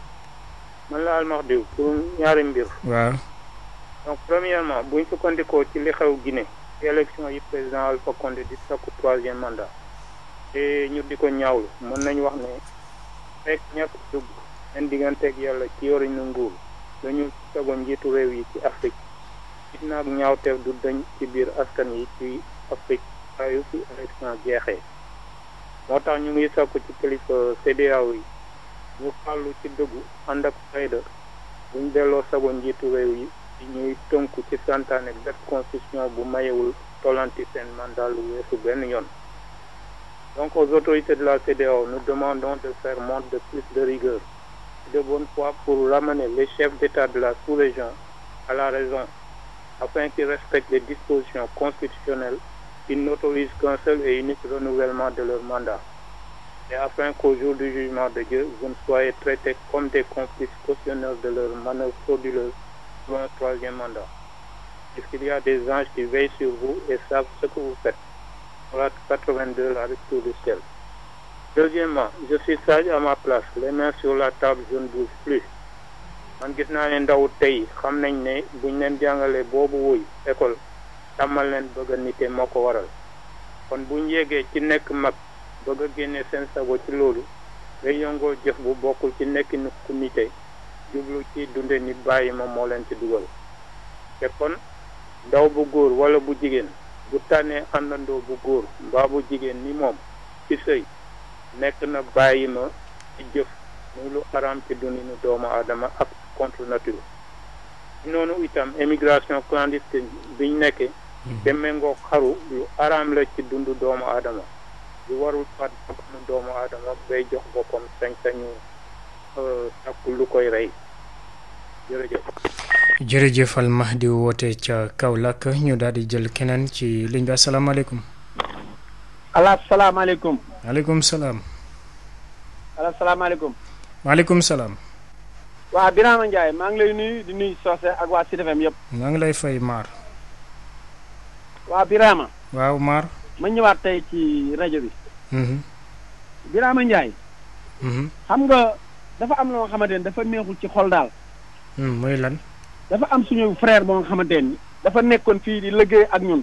[SPEAKER 15] man la Almakhdiou pour ñaari mbir. waaw. donc premièrement bu ñu sukkandikoo ci li xew Guinée. élection yi président Alpha Condé di sakku troisième mandat. te ñu di ko ñaawlu mën nañu wax ne fekk ñàkk dugg seen digganteeg yàlla ci yoruñu nguur dañu sago njiitu réew yi ci Afrique gis naa ak ñaawteef du dañ ci biir askan yi ci Afrique. saa yu fi élection jeexee moo tax ñu ngi sàkku ci kilifa CEDEAO yi ñu xàllu ci dëggu ànd ak fayda delloo sago njiitu réew yi di ñuy tënku ci santaane bépp constitution bu mayewul tollanti seen mandat lu weesu benn yoon donc aux autorités de la CEDEAO nous demandons de faire montre de plus de rigueur de bonne foi pour ramener les chefs d'État de la sous-région à la raison afin qu'ils respectent les dispositions constitutionnelles ils n'autorisent qu'un seul et unique renouvellement de leur mandat. Et afin qu'au jour du jugement de Dieu, vous ne soyez traités comme des complices cautionneurs de leurs manœuvres frauduleuses pour un troisième mandat. Est-ce qu'il y a des anges qui veillent sur vous et savent ce que vous faites Voilà 82, la rupture du ciel. Deuxièmement, je suis sage à ma place, les mains sur la table, je ne bouge plus. man gis naa ne ndaw tey xam nañ ne buñ leen jàngalee boobu wuy école tàmmal leen bëgg a nite moo ko waral kon buñ yéegee ci nekk mag bëgg a génne seen sago ci loolu day yëngoo jëf bu bokkul ci nekk ni ku nite jublu ci dunde ni bàyyi ma moo leen ci dugal te kon ndaw bu góor wala bu jigéen bu tànnee àndandoo bu góor mbaa bu jigéen ni moom ci sëy nekk na bàyyi ma ci jëf muy lu xaram ci dundinu doomu aadama ak contre nature noonu itam émigration clandestine biñ nekkee te méngoo xaru lu araam la ci dundu doomu aadama lu warul fat bakkanu doomu aadama bay jox boppam sañ-sañu takku euh, lu koy rey
[SPEAKER 1] jërëjëf max di Mahdi woote ca Kaolack ñu daal di jël keneen ci liñ bi asalaamaaleykum ala salaamaaleykum maaleykum salaam
[SPEAKER 13] ala salaamaaleykum
[SPEAKER 1] maaleykum salaam
[SPEAKER 13] waa Birama Ndiaye maa ngi lay nuyu di nuyu Socé ak waa Sud FM yëpp
[SPEAKER 1] maa ngi lay fay maar waaw Birama. waaw Mar.
[SPEAKER 13] ma ñëwaat tey ci rajo bi. Mhm. Birama Ndiaye. Mhm. xam nga dafa am loo xamante ne dafa neexul ci xol daal. Hmm, mooy lan. dafa am suñu frère boo nga xamante ne dafa nekkoon fii di liggéey ak ñun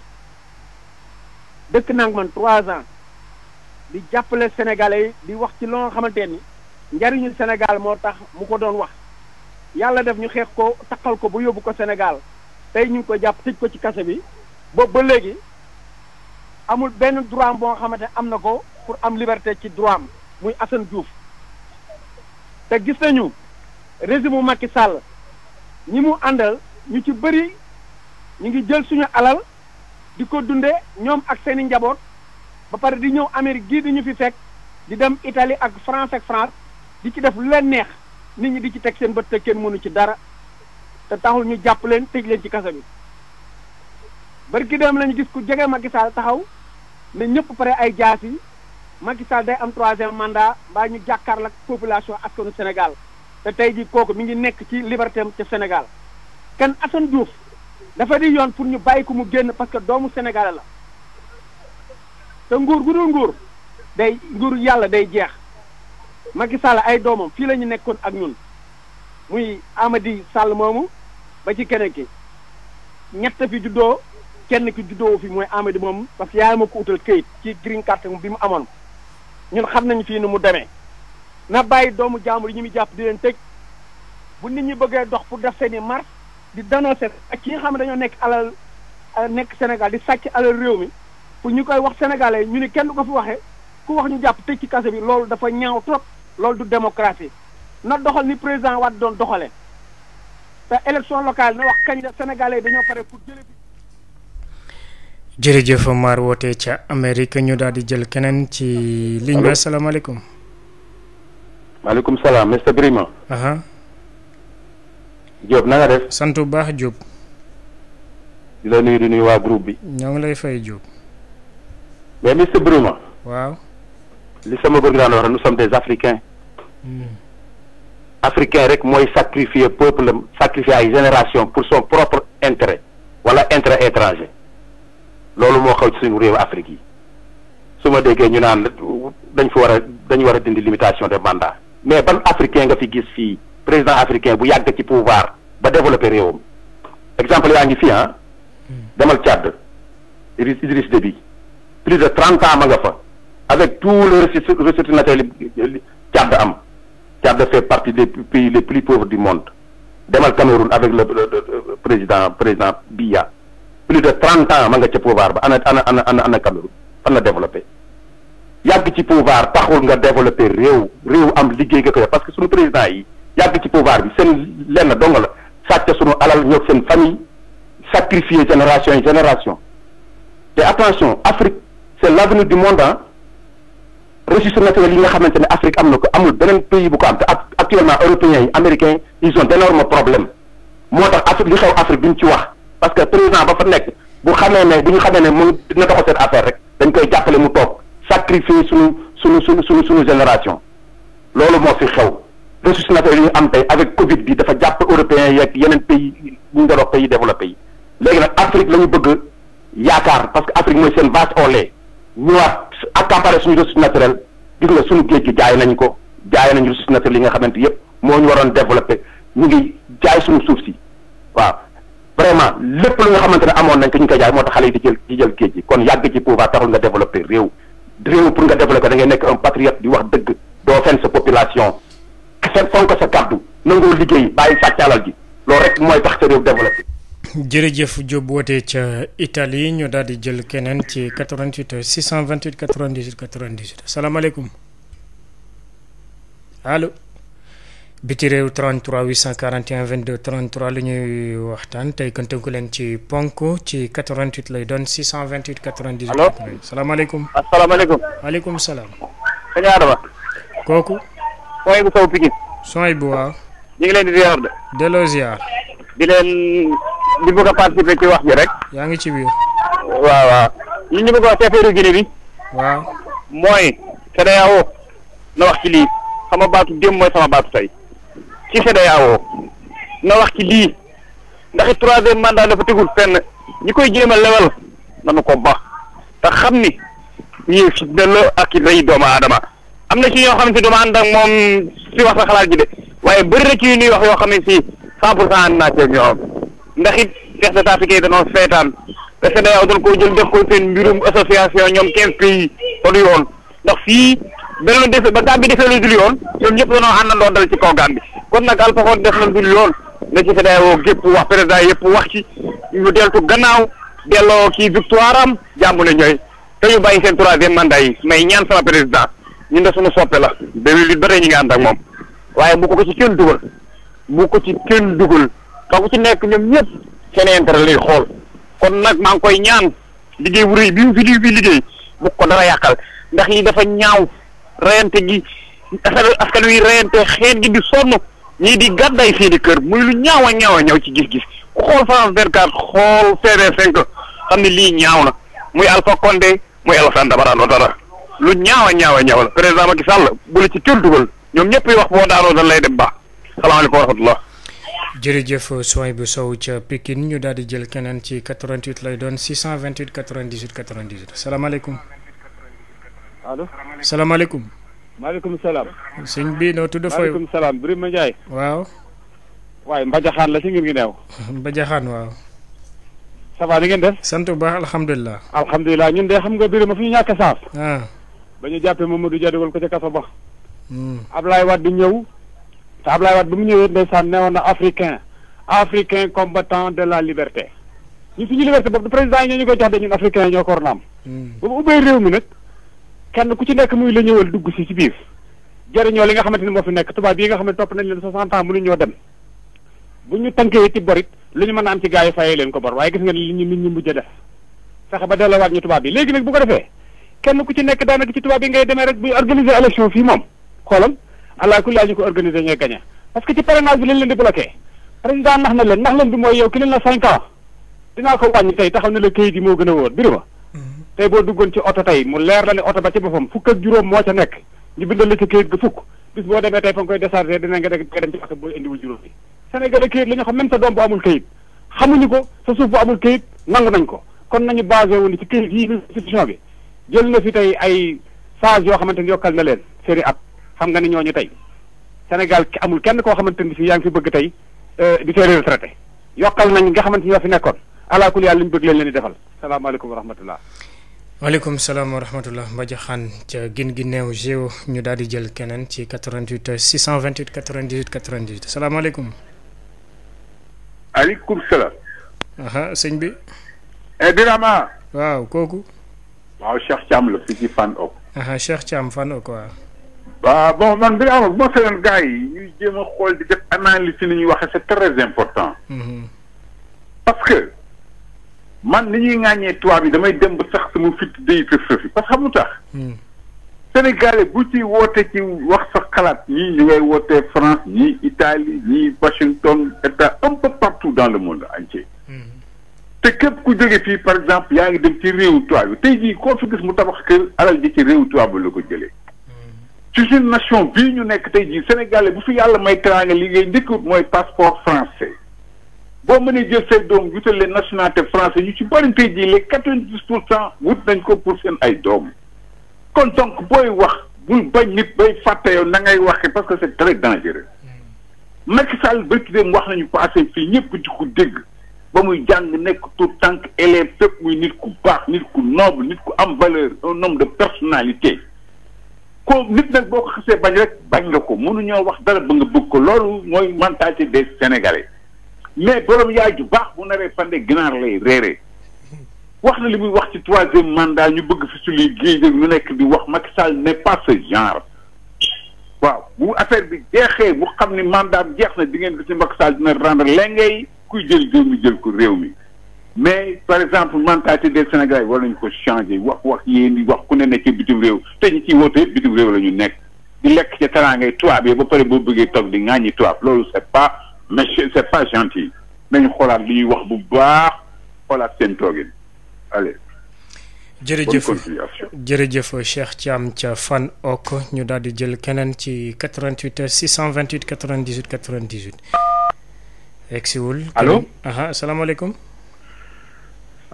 [SPEAKER 13] dëkk nag man trois ans di jàppale sénégalais yi di wax ci loo xamante ni njariñu Sénégal moo tax mu ko doon wax yàlla def ñu xeex ko takkal ko bu yóbbu ko Sénégal tey ñu ko jàpp tëj ko ci kaso bi. boobu ba léegi amul benn droit boo xamante am na ko pour am liberté ci droit am muy Assane Diouf te gis nañu régime mu mag Macky sàll ñi mu àndal ñu ci bëri ñu ngi jël suñu alal di ko dunde ñoom ak seeni njaboot ba pare di ñëw Amérique gii di ñu fi fekk di dem itali ak France ak France di ci def leen neex nit ñi di ci teg seen bët te kenn mënu ci dara te taxul ñu jàpp leen tëj leen ci kaso bi barki dem lañu gis ku jege Macky Sall taxaw ne ñëpp pare ay jaas yi Macky day am troisième mandat mbaa ñu jàkkaarloo ak population askanu Sénégal te tey jii kooku mu ngi nekk ci liberté ca Sénégal. kenn Assane Diouf dafa di yoon pour ñu bàyyi ko mu génn parce que doomu Sénégal la te nguur gu nguur day nguur yàlla day jeex Macky Sall ay doomam fii la ñu nekkoon ak ñun muy Amady sàll moomu ba ci keneen ki ñett fi juddoo. kenn ki juddoo fi mooy Amady moom parce que yaay ma ko utal këyit ci green card bi mu amoon ñun xam nañu fii ni mu demee na bàyyi doomu jaambur yi ñu muy jàpp di leen tëj bu nit ñi bëggee dox pour def seeni marche di dénoncer ak ki xam ne dañoo nekk alal euh, nekk Sénégal di sàcc alal réew mi pour ñu koy wax sénégalais ñu ne kenn du ko fi waxee ku wax ñu jàpp tëj ci kaso bi loolu dafa ñaaw trop loolu du démocratie na doxal ni président Wade doon doxalee te élection
[SPEAKER 14] locale na wax kañ la sénégalais dañoo pare pour jëlee.
[SPEAKER 1] jërëjëf Mar woote ca Amérique ñu daal di jël keneen ci ligne bi asalaamaaleykum.
[SPEAKER 13] maaleykum salaam monsieur Birima. Diop na def.
[SPEAKER 1] sant bu baax Diop.
[SPEAKER 13] di la nuyu di nuyu waa groupe bi.
[SPEAKER 1] ñoo ngi lay fay Diop.
[SPEAKER 13] mais monsieur Birima. waaw. li sama góor gi daan wax nous sommes des africains. Hmm. africain rek mooy sacrifier peuple am ay génération pour son propre intérêt wala intérêt étranger. loolu moo xaw ci suñu réew Afrique yi su ma déggee ñu naan dañ fa war a dañu war a dindi limitation de mandat mais ban africain nga fi gis fii président africain bu yàgg ci pouvoir ba développé réewam exemple yaa ngi fi ah demal Tchad Idriss bi plus de trente ans ma nga fa avec tous les ressources naturelles li Tchad am Tchad fait partie des pays les plus pauvres du monde demal Cameroun avec le président président Biya plus de trente ans ma nga ca pouvoir ba ana ana ana ana ana Cameroun fan la développé yàgg ci pouvoir taxul nga développé réew réew am liggéey nga koy parce que suñu président yi yàgg ci pouvoir bi seen lenn dong la sàcc suñu alal ñoog seen famille sacrifier génération yi génération te attention Afrique seen l'avenir du monde ah ressources naturelles yi nga xamante ne Afrique am na ko amul beneen pays bu ko am te actuellement européens yi américains moo tax Afrique li xew Afrique duñ ci wax parce que président ba fa nekk bu xamee ne bu ñu xamee ne mu dina doxal seen affaire rek dañ koy jàppale mu toog sacrifier suñu suñu suñu suñu suñu génération loolu moo fi xew ressources naturelles yi am tey avec Covid bi dafa jàpp européens yeeg yeneen pays bu ñu doon wax pays développé yi léegi nag Afrique la ñu bëgg yaakaar parce que Afrique mooy seen vache au lait ñëwaat campare suñu ressources naturelles gis nga suñu géej gi jaay nañ ko jaay nañ ressources naturelles yi nga xamante yépp moo ñu waroon développé ñu ngi jaay suñu suuf si waaw. vraiment lépp lu nga xamante ne amoon nañ ko ñu koy jaay moo tax xale yi di jël di jël géej gi kon yàgg ci pouvoir taxul nga développer réew réew pour nga développer da ngay nekk un patriote di wax dëgg doo fen sa population seen fonk sa kàddu nangoo liggéey bàyyi sàcc ji loolu rek mooy tax
[SPEAKER 1] sa réew développer. jërëjëf Diop wootee ca Italie ñu daal di jël keneen ci 88 628 98 98 asalaamaaleykum allo. biti réew 33 841 22 33 lu ñuy waxtaan tey kon tënku leen ci ponk ci 88 lay doon 628 98. allo salaamaaleykum. asalaamaaleykum. waaleykum salaam. sëñ Adama. kooku. sooy bu Sow Pikine. sooy bu waaw. ñu ngi leen di ziar de. delloo ziar. di leen di bëgg participer ci wax bi rek. yaa ngi ci biir. waaw waaw. ñun
[SPEAKER 13] ñu bëgg a wax ci affaire Guinée bi. waaw. mooy. CEDEAO na wax ci lii sama baatu démb mooy sama baatu tey. ci CEDEAO na wax ci lii ndax it troisième mandat dafa tegul fenn ñi koy jéem a lewal nanu ko ba te xam ni ñii fitna la ak rey doomu aadama am na ci ñoo xam ne si dama ànd ak moom si wax sa xalaat ji de waaye bëri na ci ñuy wax yoo xam ne si cent pour cent ànd naa ci ñoom ndax it chef d'état fi kay danoo seetaan te CEDEAO dañ koo jël def ko seen mbirum association ñoom quinze pays ba du yoon ndax fii benn defe ba gàmm bi defee lu dul yoon ñoom ñëpp dañoo àndandoo dal ci kaw gàmm bi kon nag Alpha Condé def na lu dul yoon na ci CEDEAO gépp wax président yëpp wax ci ñu deltu gannaaw delloo kii victoire am jàmm la ñooy te ñu bàyyi seen troisième mandat yi may ñaan sama président ñun de suñu soppe la dawil lit ba tey ñu ngi ànd ak moom waaye bu ko ko ci kenn dugal bu ko ci kenn dugal fa ko ci nekk ñoom ñëpp seen intérêt lay xool kon nag maa ngi koy ñaan liggéey bu rëy bi mu fi
[SPEAKER 14] liggéey bu ko dara yàqal ndax yi dafa ñaaw reyante gi askan wi reyante xeet gi di sonn ñii di gàddaay seeni kër muy lu ñaaw a ñaaw a ci
[SPEAKER 13] gis-gis ku xool France 24 xool TV5 xam ne lii ñaaw na muy Alpha Condé muy Alassane Dramane Ouattara lu ñaaw a ñaaw a ñaaw la président Macky Sall bu la ci kenn ñoom ñëpp wax boo daanoo dañ lay dem ba salaamaaleykum wa rahmatullah
[SPEAKER 1] jërëjëf soin bu sow ca Pikine ñu daal di jël keneen ci lay doon 628 98 98 salaamaaleykum allo salaamaaleykum.
[SPEAKER 13] maaleykum salaam.
[SPEAKER 1] sëñ bii noo tudd Faye. maaleykum salaam Birima Ndiaye. waaw. waaye Mbajaxaan la ci ngir ngi neew. Mbajaxaan waaw. ça va ngeen def. sant bu baax alhamdulilah. alhamdulilah ñun de xam nga Birima fu ñu ñàkk a saaf. Ah. ba ñu jàppee Mamadou Dia dugal ko ca kaso ba. Hmm.
[SPEAKER 13] Ablaye Wade di ñëw. te Ablaye Wade bu mu ñëwee ndeysaan newoon na africain africain combattant de la liberté. ñun suñu liberté boobu président yi ñu koy jox de ñun africain ñoo
[SPEAKER 5] ko
[SPEAKER 13] kenn ku ci nekk muy la ñëwal dugg si ci biir jëriñoo li nga xamante ne moo fi nekk tubaab yi nga xam ne topp nañ leen 60 ans mënuñu ñoo dem bu ñu tënkee ci borit lu ñu mën a am ci gars yi fayee leen ko bor waaye gis nga li ñu ñu mujj a def fexe ba ñu tubaab yi léegi nag bu ko defee kenn ku ci nekk daanaka ci tubaab yi ngay demee rek buy organiser élection fii moom xoolal allah kulli ñu ko organiser ñooy gagné parce que ci parrainage bi lañ leen na leen nax leen bi mooy yow ki yi moo gën a wóor biruma tey boo duggoon ci oto tey mu leer la ne oto ba ci boppam fukk ak juróom moo ca nekk ñu bindal la ci këyit ga fukk bis boo demee tey fa nga koy déchargé dina nga dem ci oto booy indiwul juróom këyit la xam même sa doom bu amul këyit xamuñu ko sa suuf bu amul këyit nangu nañ ko kon nañu basé wu ci këyit yi institution bi jël na fi tey ay sages yoo xamante ni yokkal na leen seeni at xam nga ni ñooñu tey Sénégal amul kenn koo xamante ni fii yaa ngi fi bëgg tey euh, di teel retraité yokkal nga xamante ni ñoo fi nekkoon alaa kulli yàlla li ñu bëgg leen leen defal salaamaaleykum wa rahmatullah
[SPEAKER 1] maaleykum salaam wa rahmatullah mba jaxaan ca gin gi néew géo ñu daal di jël keneen ci 88 628 98 98 salaamaaleykum.
[SPEAKER 16] aleykum salaam.
[SPEAKER 1] aha sëñ bi. Eh, Birama. waaw kooku.
[SPEAKER 16] waaw Cheikh Thiam la fii ci Fann Hock.
[SPEAKER 1] aha Cheikh Thiam Fann waaw. bon man
[SPEAKER 16] Birama bu ma seetoon gars yi ñuy jéem a xool di def analyse ni ñuy waxee c'est très important. Mhm.
[SPEAKER 17] man ni ñuy ŋàññee tubaab bi damay dem ba sax sama
[SPEAKER 13] fit day tëf tëfi parce que xam lu tax hmm. bu ci woote ci wax sax xalaat ñii ñu ngay wootee France ñii Italie ñii Washington état un peu partout dans le monde ci hmm. te képp ku jóge fii par exemple yaa ngi dem ci réew tubaab bi tey jii koo fi gis mu tabax kër alal ji ci réew tubaab bi la ko jëlee hmm. ci suñu nation bii ñu nekk tey jii sénégalais bu fi yàlla may teraanga li ngay njëkk mooy passeport français boo mënee jël say doom wutal leen nationalité français ñu ci bari tey jii les quatre-vingt-dix pour cent wut nañ ko pour seen ay doom kon donc booy wax bu bañ nit bay fàtte yow na ngay waxee parce que c'est très dangereux mm. Macky Sall bëgg dem wax nañu passé fii ñëpp di ko dégg ba muy jàng nekk tout tànk élève fépp muy nit ku baax nit ku noble nit ku am valeur un homme de personnalité ko nit nag boo ko xasee bañ rek bañ nga ko mënuñoo wax dara ba nga bëgg ko loolu mooy mentalité des Sénégalais mais borom yaay ju baax bu naree fande ginaar lay reeree wax na li muy wax ci troisième mandat ñu bëgg fi suñuy géej ak lu nekk di wax Macky Sall ne pas ce genre waaw bu affaire bi jeexee bu xam ni mandat bi jeex na di ngeen gis ne Macky Sall dina rendre ngay kuy jël réew jël ko réew mi mais par exemple mentalité des Sénégalais war nañ ko changer wax wax yéen di wax ku ne nekk bitim réew te ñu ci woote bitim réew la ñu nekk di lekk ca teraangay
[SPEAKER 17] tubaab yi ba pare boo bëggee toog di ŋàññi tubaab loolu c'est pas mais c'est pas gentil nañu xoolaat li wax bu baax xoolaat seen toogin allez. jërëjëf
[SPEAKER 1] jërëjëf Cheikh ca Fan ok ñu daal di jël keneen ci 88 628 98 98. egsiwul. allo aha asalaamaaleykum.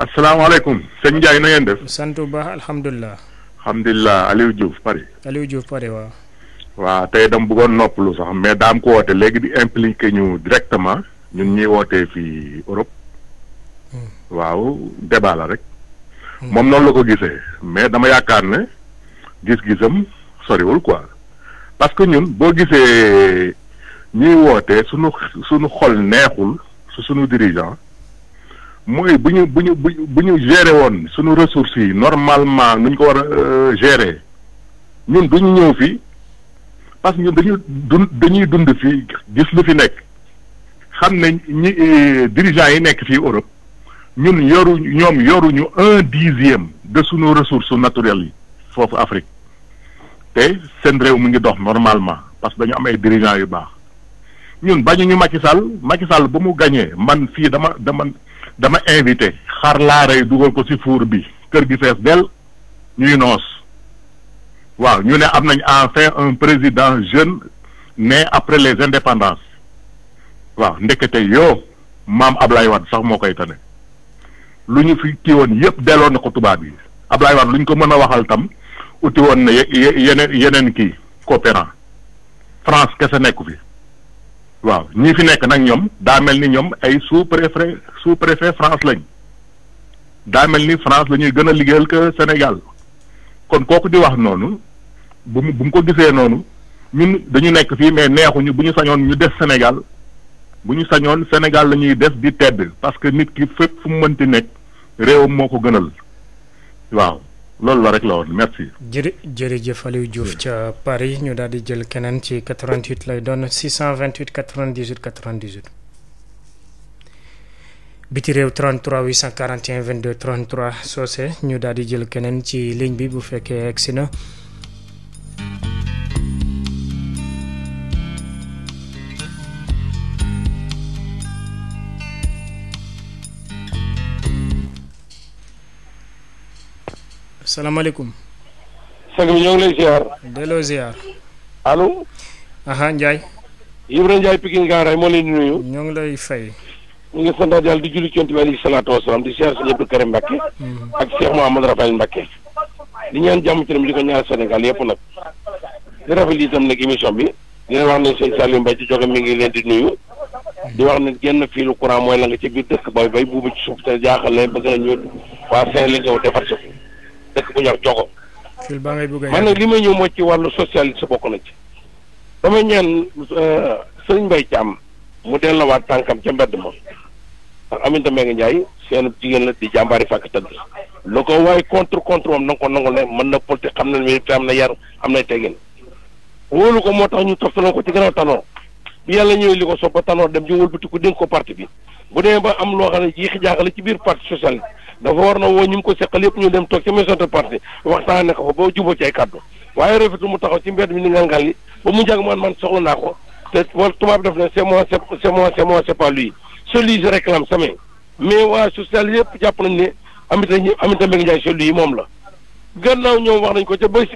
[SPEAKER 16] asalaamaaleykum. sëñ Ndiaye na ngeen def.
[SPEAKER 1] sant bu baax alhamdulilah.
[SPEAKER 16] alhamdulilah Aliou Diouf Paris. Aliou waaw tey dam nopp lu sax mais daam ko woote léegi bi impliqué ñu directement ñun ñuy wootee fii Europe. Hmm. waaw débat la rek. Hmm. moom noonu la ko gisee mais dama yaakaar ne gis-gisam soriwul quoi parce que ñun boo gisee ñuy woote suñu suñu xol neexul su suñu dirigeant mooy bu ñu bu ñu bu ñu gérer woon suñu ressource yi normalement nuñ ko war a euh, gérer ñun duñu ñëw fii parce que ñun dañuy dund dañuy dund fii gis lu fi nekk xam ne ñi eh, dirigeants yi nekk fii Europe ñun yoru ñoom yoruñu un dixième de sunu ressource naturelle yi foofu Afrique te seen réew mu ngi dox normalement parce que dañu am ay dirigeants yu baax ñun bañuñu Macky Sall Macky Sall ba mu gañee man fii dama dama dama invité xar laa rey dugal ko ci four bi kër gi fees del ñuy noos waaw ñu ne am nañ enfin un président jeune né après les indépendances waaw ndekete yoo maam Ablaye waat sax moo koy tane lu ñu fi kii woon yëpp delloo na ko tubaab yi Ablaye Wade lu ñu ko mën a waxal tam uti woon na yeneen yeneen kii coopérant France kese nekku fi waaw ñii fi nekk nag ñoom daa mel ni ñoom ay sous préfet sous préfet France lañ daa mel ni France la ñuy gën a liggéeyal que Sénégal kon kooku di wax noonu bu mu bu mu ko gisee noonu ñun dañu nekk fii mais neexuñu bu ñu sañoon ñu def Sénégal bu ñu sañoon Sénégal la ñuy def di tedd parce que nit ki fépp fu mu mënti nekk réewam moo ko gënal waaw loolu la rek la woon merci.
[SPEAKER 1] jërë jërëjëf Aliou Diouf ca Paris ñu daal di jël keneen ci 88 lay doon 628 98 98. biti réew 33 841 22 33 soose ñu daal di jël keneen ci ligne bi bu fekkee egsi na. salaamaaleykum. sëñ bi ñoo ngi lay ziar. delloo ziar. allo. aha Ndiaye. Ibrahima Ndiaye Pikine Garaay moo leen di nuyu. ñoo ngi lay fay. mu ngi
[SPEAKER 13] sant yàlla di julli cont bi alayhi salaatu wasalaam di siyaar sëñ Abdou Karim Mbacke. ak Cheikh Mouhamadou Rafael Mbacke. di ñaan jàmm ci dem di ko ñaar Sénégal yëpp nag. di rafetlu itam nag émission bi. di leen wax ne sëñ Saliou mi ngi leen di nuyu. di wax ne genn fiilu courant mooy la nga ci biir dëkk booy bay buuba ci suuf te jaaxal leen bëgg nañu waa Saint li ñëw defar si dëkk bu ñor jogo.
[SPEAKER 1] bëgg man nag li
[SPEAKER 13] may ñëw mooy ci wàllu socialiste bokk na ci. damay ñaan sëñ ci am mu delluwaat tànkam ca mbedd ma ndax Aminata Mbengue Ndiaye seen jigéen la di jàmbaari fàkk tëdd lu ko waaye contre contre moom na ko nangul ne mën na politique xam ne na yar am na teggin wóolu ko moo tax ñu toftaloon ko ci gannaaw Tanor bi yàlla ñëwee li ko soog ba Tanor dem ñu bu dem toog ci maison de parti waxtaanee ko fa ba jubóo ci ay kàddu waaye rafetul mu taxaw ci mbedd mi ni ngal-ngal li ba mu jàng man man soxla naa ko te wala tubaab def na c'est moi c'est moi c'est moi c'est pas celui je réclame samay mais waa social yëpp jàpp nañ ne Aminata Aminata Mbengue Ndiaye celui yi moom la. gannaaw ñoom wax nañ ko ca ba ba ci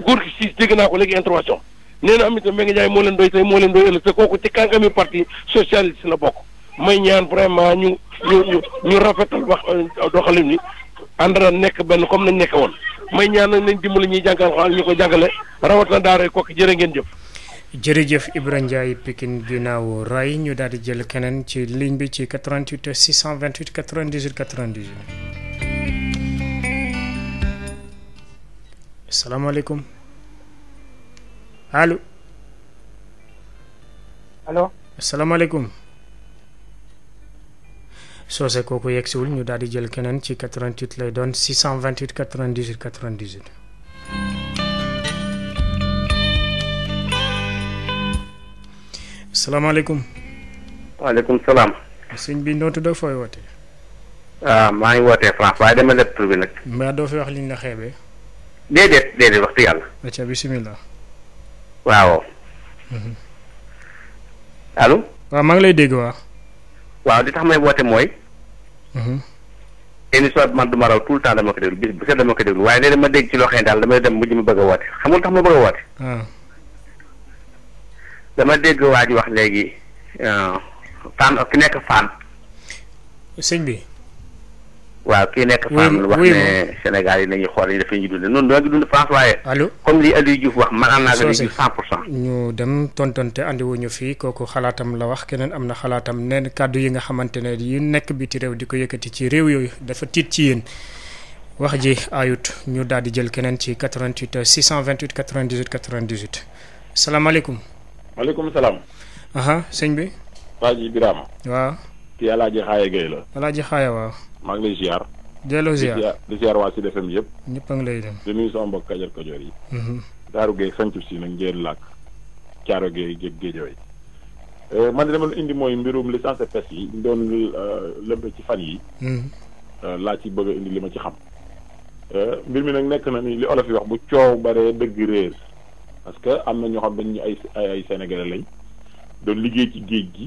[SPEAKER 13] góor gi si dégg naa ko léegi intervention nee na Aminata Mbengue Ndiaye moo leen doy tey moo leen doy ëllëg te kooku ci kàngami parti socialiste la bokk. may ñaan vraiment ñu ñu ñu ñu rafetal wax euh, doxalin ni ànd na nekk benn comme nañ nekk woon may ñaan nañ dimbali ñuy jàngal ñu ko rawat na
[SPEAKER 1] daara kooku jëre ngeen jëf. jërëjëf Ibra Ndiaye Pikine ginnaaw ray ñu daal di jël keneen ci ligne bi ci 88 628 98 98. salaamaaleykum allo. allo. salaamaaleykum. soose kooku yegsiwul ñu daal di jël keneen ci 88 lay doon 628 98 98. salaamaaleykum.
[SPEAKER 13] waaleykum salaam.
[SPEAKER 1] sëñ bi noo tudd ak fooy wootee.
[SPEAKER 13] ah maa ngi wootee France waaye dama lépp tur bi nag.
[SPEAKER 1] mbaa doo fi wax liñ la xeebee.
[SPEAKER 13] déedéet déedéet waxtu yàlla.
[SPEAKER 1] acca bisimilah.
[SPEAKER 13] waaw. Mhm. allo.
[SPEAKER 1] waaw maa ngi lay dégg waa
[SPEAKER 13] waaw di tax may woote mooy. Mhm. émission bi man du ma raw tout le temps dama ko déglu bis bu set dama ko déglu waaye léeg-léeg ma dégg ci loo xam ne daal damay dem mujj ma bëgg a woote xamul tax ma bëgg a woote. Ah. dama dégg waa ji wax léegi euh, Fane ki nekk Fane. sëñ bi. waaw ki nekk Fane wax ne Sénégal yi nañu xool yi dafay ñu dund noonu doo ngi dund France comme li Aliou Diouf wax man am naa
[SPEAKER 1] ñu dem tontonte andiwuñu fii kooku xalaatam la wax keneen am na xalaatam neen kàddu yi nga xamante ne yu bi biti réew di ko yëkkati ci réew yooyu dafa tiit ci yéen. wax ji ayut ñu daal di jël keneen ci 88 628 98 98 salaamaaleykum.
[SPEAKER 17] maaleykum salaam.
[SPEAKER 1] aha sëñ bi.
[SPEAKER 17] waa ji Birama. waaw. kii El Hadj Xaaye Guèye la. El Hadj Xaaye waaw. maa ngi lay ziar. delloo ziar di ziar waa Sud FM yëpp. ñëpp ngi lay dem. di nuyu sama mbokk Kajoor Kajoor yi. Mhm. Daaru Guèye Sancu si nag njëriñ làkk Caaro Guèye géej géejawee. Eh, man dama indi mooy mbirum licence pes yi ñu doon eh, lëmbe ci fan yi mhm. eh, laa ci bëgg indi li ma ci xam. mbir mi nag nekk na ni li olof yi wax bu coow bare dëgg réer. parce que am na ñoo xam dañ ñu ay ay sénégalais lañ doon liggéey ci géej gi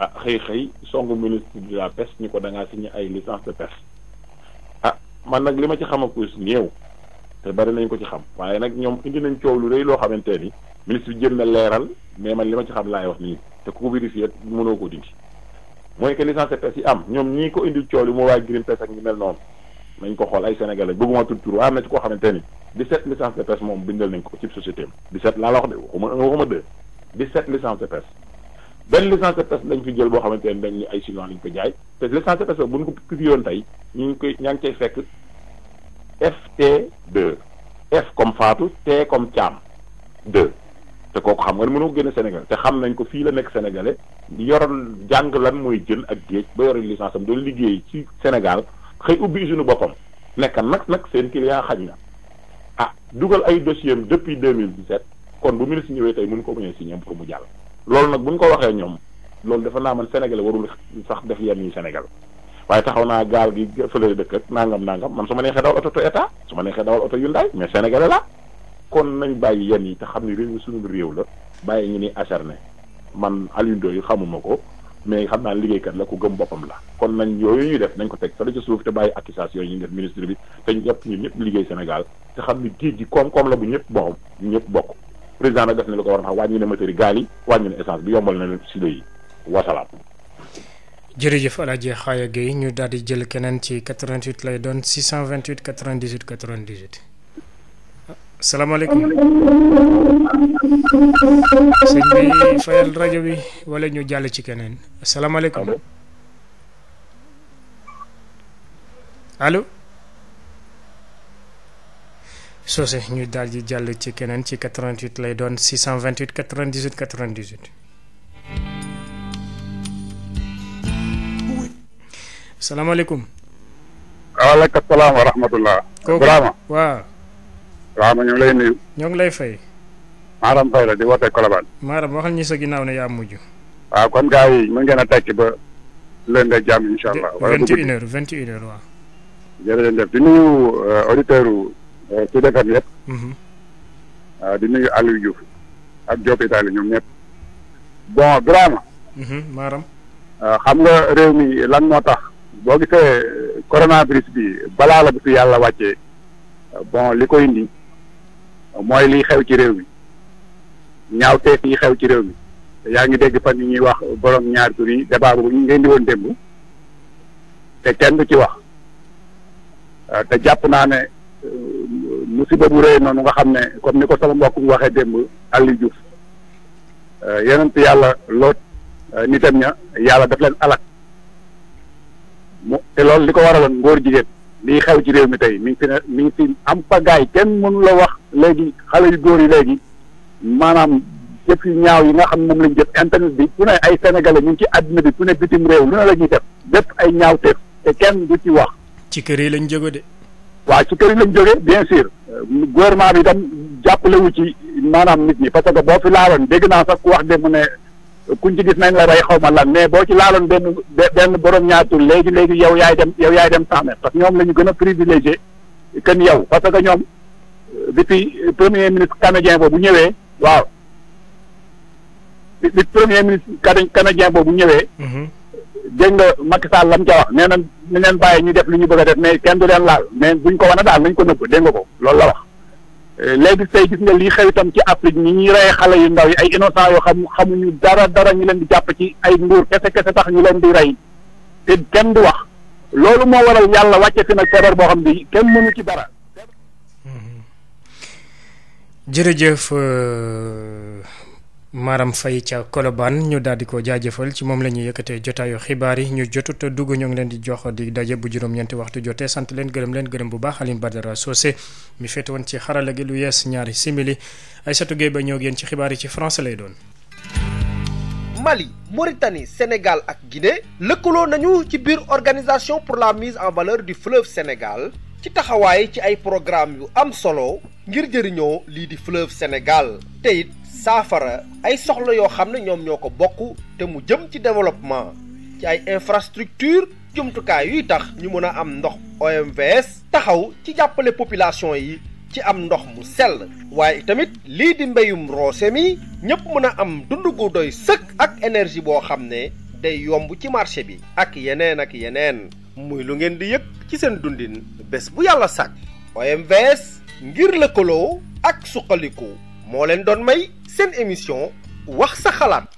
[SPEAKER 17] a ah, xëy xëy songu ministre de la pêche ñu ko da si signé ay licence de pêche a ah, man nag li ma ci xam ak néew te bari nañ ko ci xam waaye nag ñoom indi nañ coow lu rëy loo xamante ni ministre bi jëm na leeral mais man li ma ci xam laay wax nii te ku ko vérifié mënoo ko dindi moo que licence de pêche yi am ñoom ñii ko indi coow li moo waa Greenpeace ak ñu mel noonu nañ ko xool ay sénégalais bëgguma tudd tur am na koo xamante ni. di 17 licences de pêche moom bindal nañ ko ci société am 17 laa la wax de waxuma un waxuma deux 17 licences de pêche benn licence de pêche lañ fi jël boo xamante ne dañ ni ay chinois lañ ko jaay te licence de pêche boobu bu ñu ko publié woon ñu ngi koy ñaa ngi fekk FT2 T comme Thiam 2 te kooku xam nga ne mënoo génne Sénégal te xam nañ ko fii la nekk sénégalais yoroon jàng lan mooy jën ak géej ba yoroon licence am doon liggéey ci Sénégal xëy ubbi usine boppam nekk nag nag seen client xaj na. ah dugal ay dossier am depuis 2017 kon bu si ñëwee tey mun ko bañ si signé pour mu jàll. loolu nag bu ñu ko waxee ñoom loolu dafa naa man Sénégal warul sax def yenn ñi Sénégal waaye taxaw naa gaal gi fële dëkk ak nangam nangam man su ma neexee dawal oto to état su ma neexee dawal oto Hyundai mais Sénégalais la kon nañ bàyyi yenn yi te xam ne réew mi suñu réew la bàyyi ñu ni acharné man Alioune yi xamuma ko. mais xam naa liggéeykat la ku gëm boppam la kon nañ yooyu ñuy def nañ ko teg fële ci suuf te bàyyi accusation yi ñu ministre bi te ñëpp ñun ñëpp liggéey Sénégal te xam ni géej gi koom-koom la bu ñëpp moom ñëpp bokk président nag def na li ko war a wax wàññi ne matériel gaal yi wàññi ne essence bi yombal na leen silo yi wasalaam.
[SPEAKER 1] jërëjëf El Hadj Xaaya ñu daal jël keneen ci 88 lay doon 628 98 98. salaamaaleykum
[SPEAKER 14] sëñ bi
[SPEAKER 1] fayal rajo bi wala ñu jàll ci keneen salaamaaleykum allo soose ñu daal ji jàll ci keneen ci 88 lay doon 628 98 98 salaamaaleykum
[SPEAKER 16] waaleykum salaam wa rahmatullah
[SPEAKER 1] Ibrahima waaw
[SPEAKER 13] waaw ñu ngi lay nuyu. ñoo ngi lay fay. Maram Faye la di wootee
[SPEAKER 17] Colobane.
[SPEAKER 1] Maram waxal ñi sa ginnaaw ne yaa mujj.
[SPEAKER 17] waaw kon gars yi mën ngeen a tekki ba leen de jàmm incha allah. wala vingt et une
[SPEAKER 1] heures vingt et une heures waaw.
[SPEAKER 17] jërëjëf di nuyu euh, auditeurs yu Sud euh, FM yëpp. Mhm. di nuyu Aliou Diouf ak Diop
[SPEAKER 13] Italie ñoom ñëpp. bon Birama.
[SPEAKER 1] Mhm, Maram.
[SPEAKER 13] Euh, xam nga réew mi lan moo tax. boo gisee coronavirus bi balaa la bu fi yàlla wàcce bon li koy indi. mooy liy xew ci réew mi ñaawteef yi xew ci réew mi yaa ngi dégg fan yi ñuy wax boroom ñaar tur yi débat boobu ñu ngeen di woon démb te kenn du ci wax euh, te jàpp naa ne euh, musiba bu rëy noonu nga xam ne comme ni ko sama mbokk mu waxee démb Aliou Diouf euh, yonent yàlla loot nitam ña yàlla daf leen alak mu te loolu li ko woon ngóor jigéen lii xew ci réew mi tey mi ngi fi ne mi ngi fi am pagaay kenn mënu la wax léegi xale yu góor yi léegi maanaam jëf yu ñaaw yi nga xam moom lañ jëf internet bi ku ne ay sénégalais ñu ngi ci àddina bi ku ne bitim réew lu ne la ñuy def bépp ay ñaaw teef te kenn du ci wax. ci kër yi lañ jóge de. waa ci kër yi lañ jóge bien sûr. gouvernement bi tam jàppalewu ci maanaam nit ñi parce que boo fi laaloon dégg naa sax ku wax de ne. kuñ ci gis nañ la rey xaw ma lan mais boo ci laaloon benn benn borom ñaatur léegi léegi yow yaay dem yow yaay dem cent mètres parce que ñoom la ñu gën a privilégié kenn yow parce que ñoom euh, depuis premier ministre canadien boobu ñëwee waaw bi premier ministre canadien boobu ñëwee. Mhm. dégg nga Macky Sall la mu ca wax nee na ñu leen bàyyi ñu def li ñu bëgg a def mais kenn du leen laal mais buñ ko wan a daal nañ ko nëbb dégg ko loolu la wax. Eh, léegi tey gis nga lii xew tam ci Afrique ñi ñuy rey xale yu ndaw yi ay innocent yoo xam xamuñu dara dara ñu leen di jàpp ci ay nguur kese kese tax ñu leen di rey te kenn di wax loolu moo waral yàlla wàcce fi nag feebar boo xam ne kenn mënu ci dara. Mm-hmm.
[SPEAKER 1] jërëjëf. Euh, Maram fay ca Colobane ñu daal di ko jaajëfal ci moom la ñuy yëkkatee jotaayu xibaar yi ñu jotu a dugg ñoo ngi leen di jox di daje bu juróom-ñeenti waxtu jotee sant leen gërëm leen gërëm bu baax Alioune Badara Socé mi féete woon ci xarala gi lu yees ñaari simili Aïssatou Gueye ba ñoo yéen ci xibaar yi ci français lay doon.
[SPEAKER 6] Mali Mauritanie Sénégal ak Guinée lëkkaloo nañu ci biir organisation pour la mise en valeur di fleuve Sénégal ci taxawaay ci ay programme yu am solo ngir jëriñoo lii di fleuve Sénégal it saafara ay soxla yoo xam ne ñoom ñoo ko bokk te mu jëm ci développement ci ay infrastructure jumtukaay yuy tax ñu mën a am ndox OMVS taxaw ci jàppale population yi ci am ndox mu sell waaye tamit lii di mbéyum roose mi ñëpp mën a am dund gu doy sëkk ak énergie boo xam ne day yomb ci marché bi ak yeneen ak yeneen muy lu ngeen di yëg ci seen dundin bés bu yàlla sàkk OMVS ngir lëkkaloo ak suqaliku moo leen doon may seen émission wax sa xalaat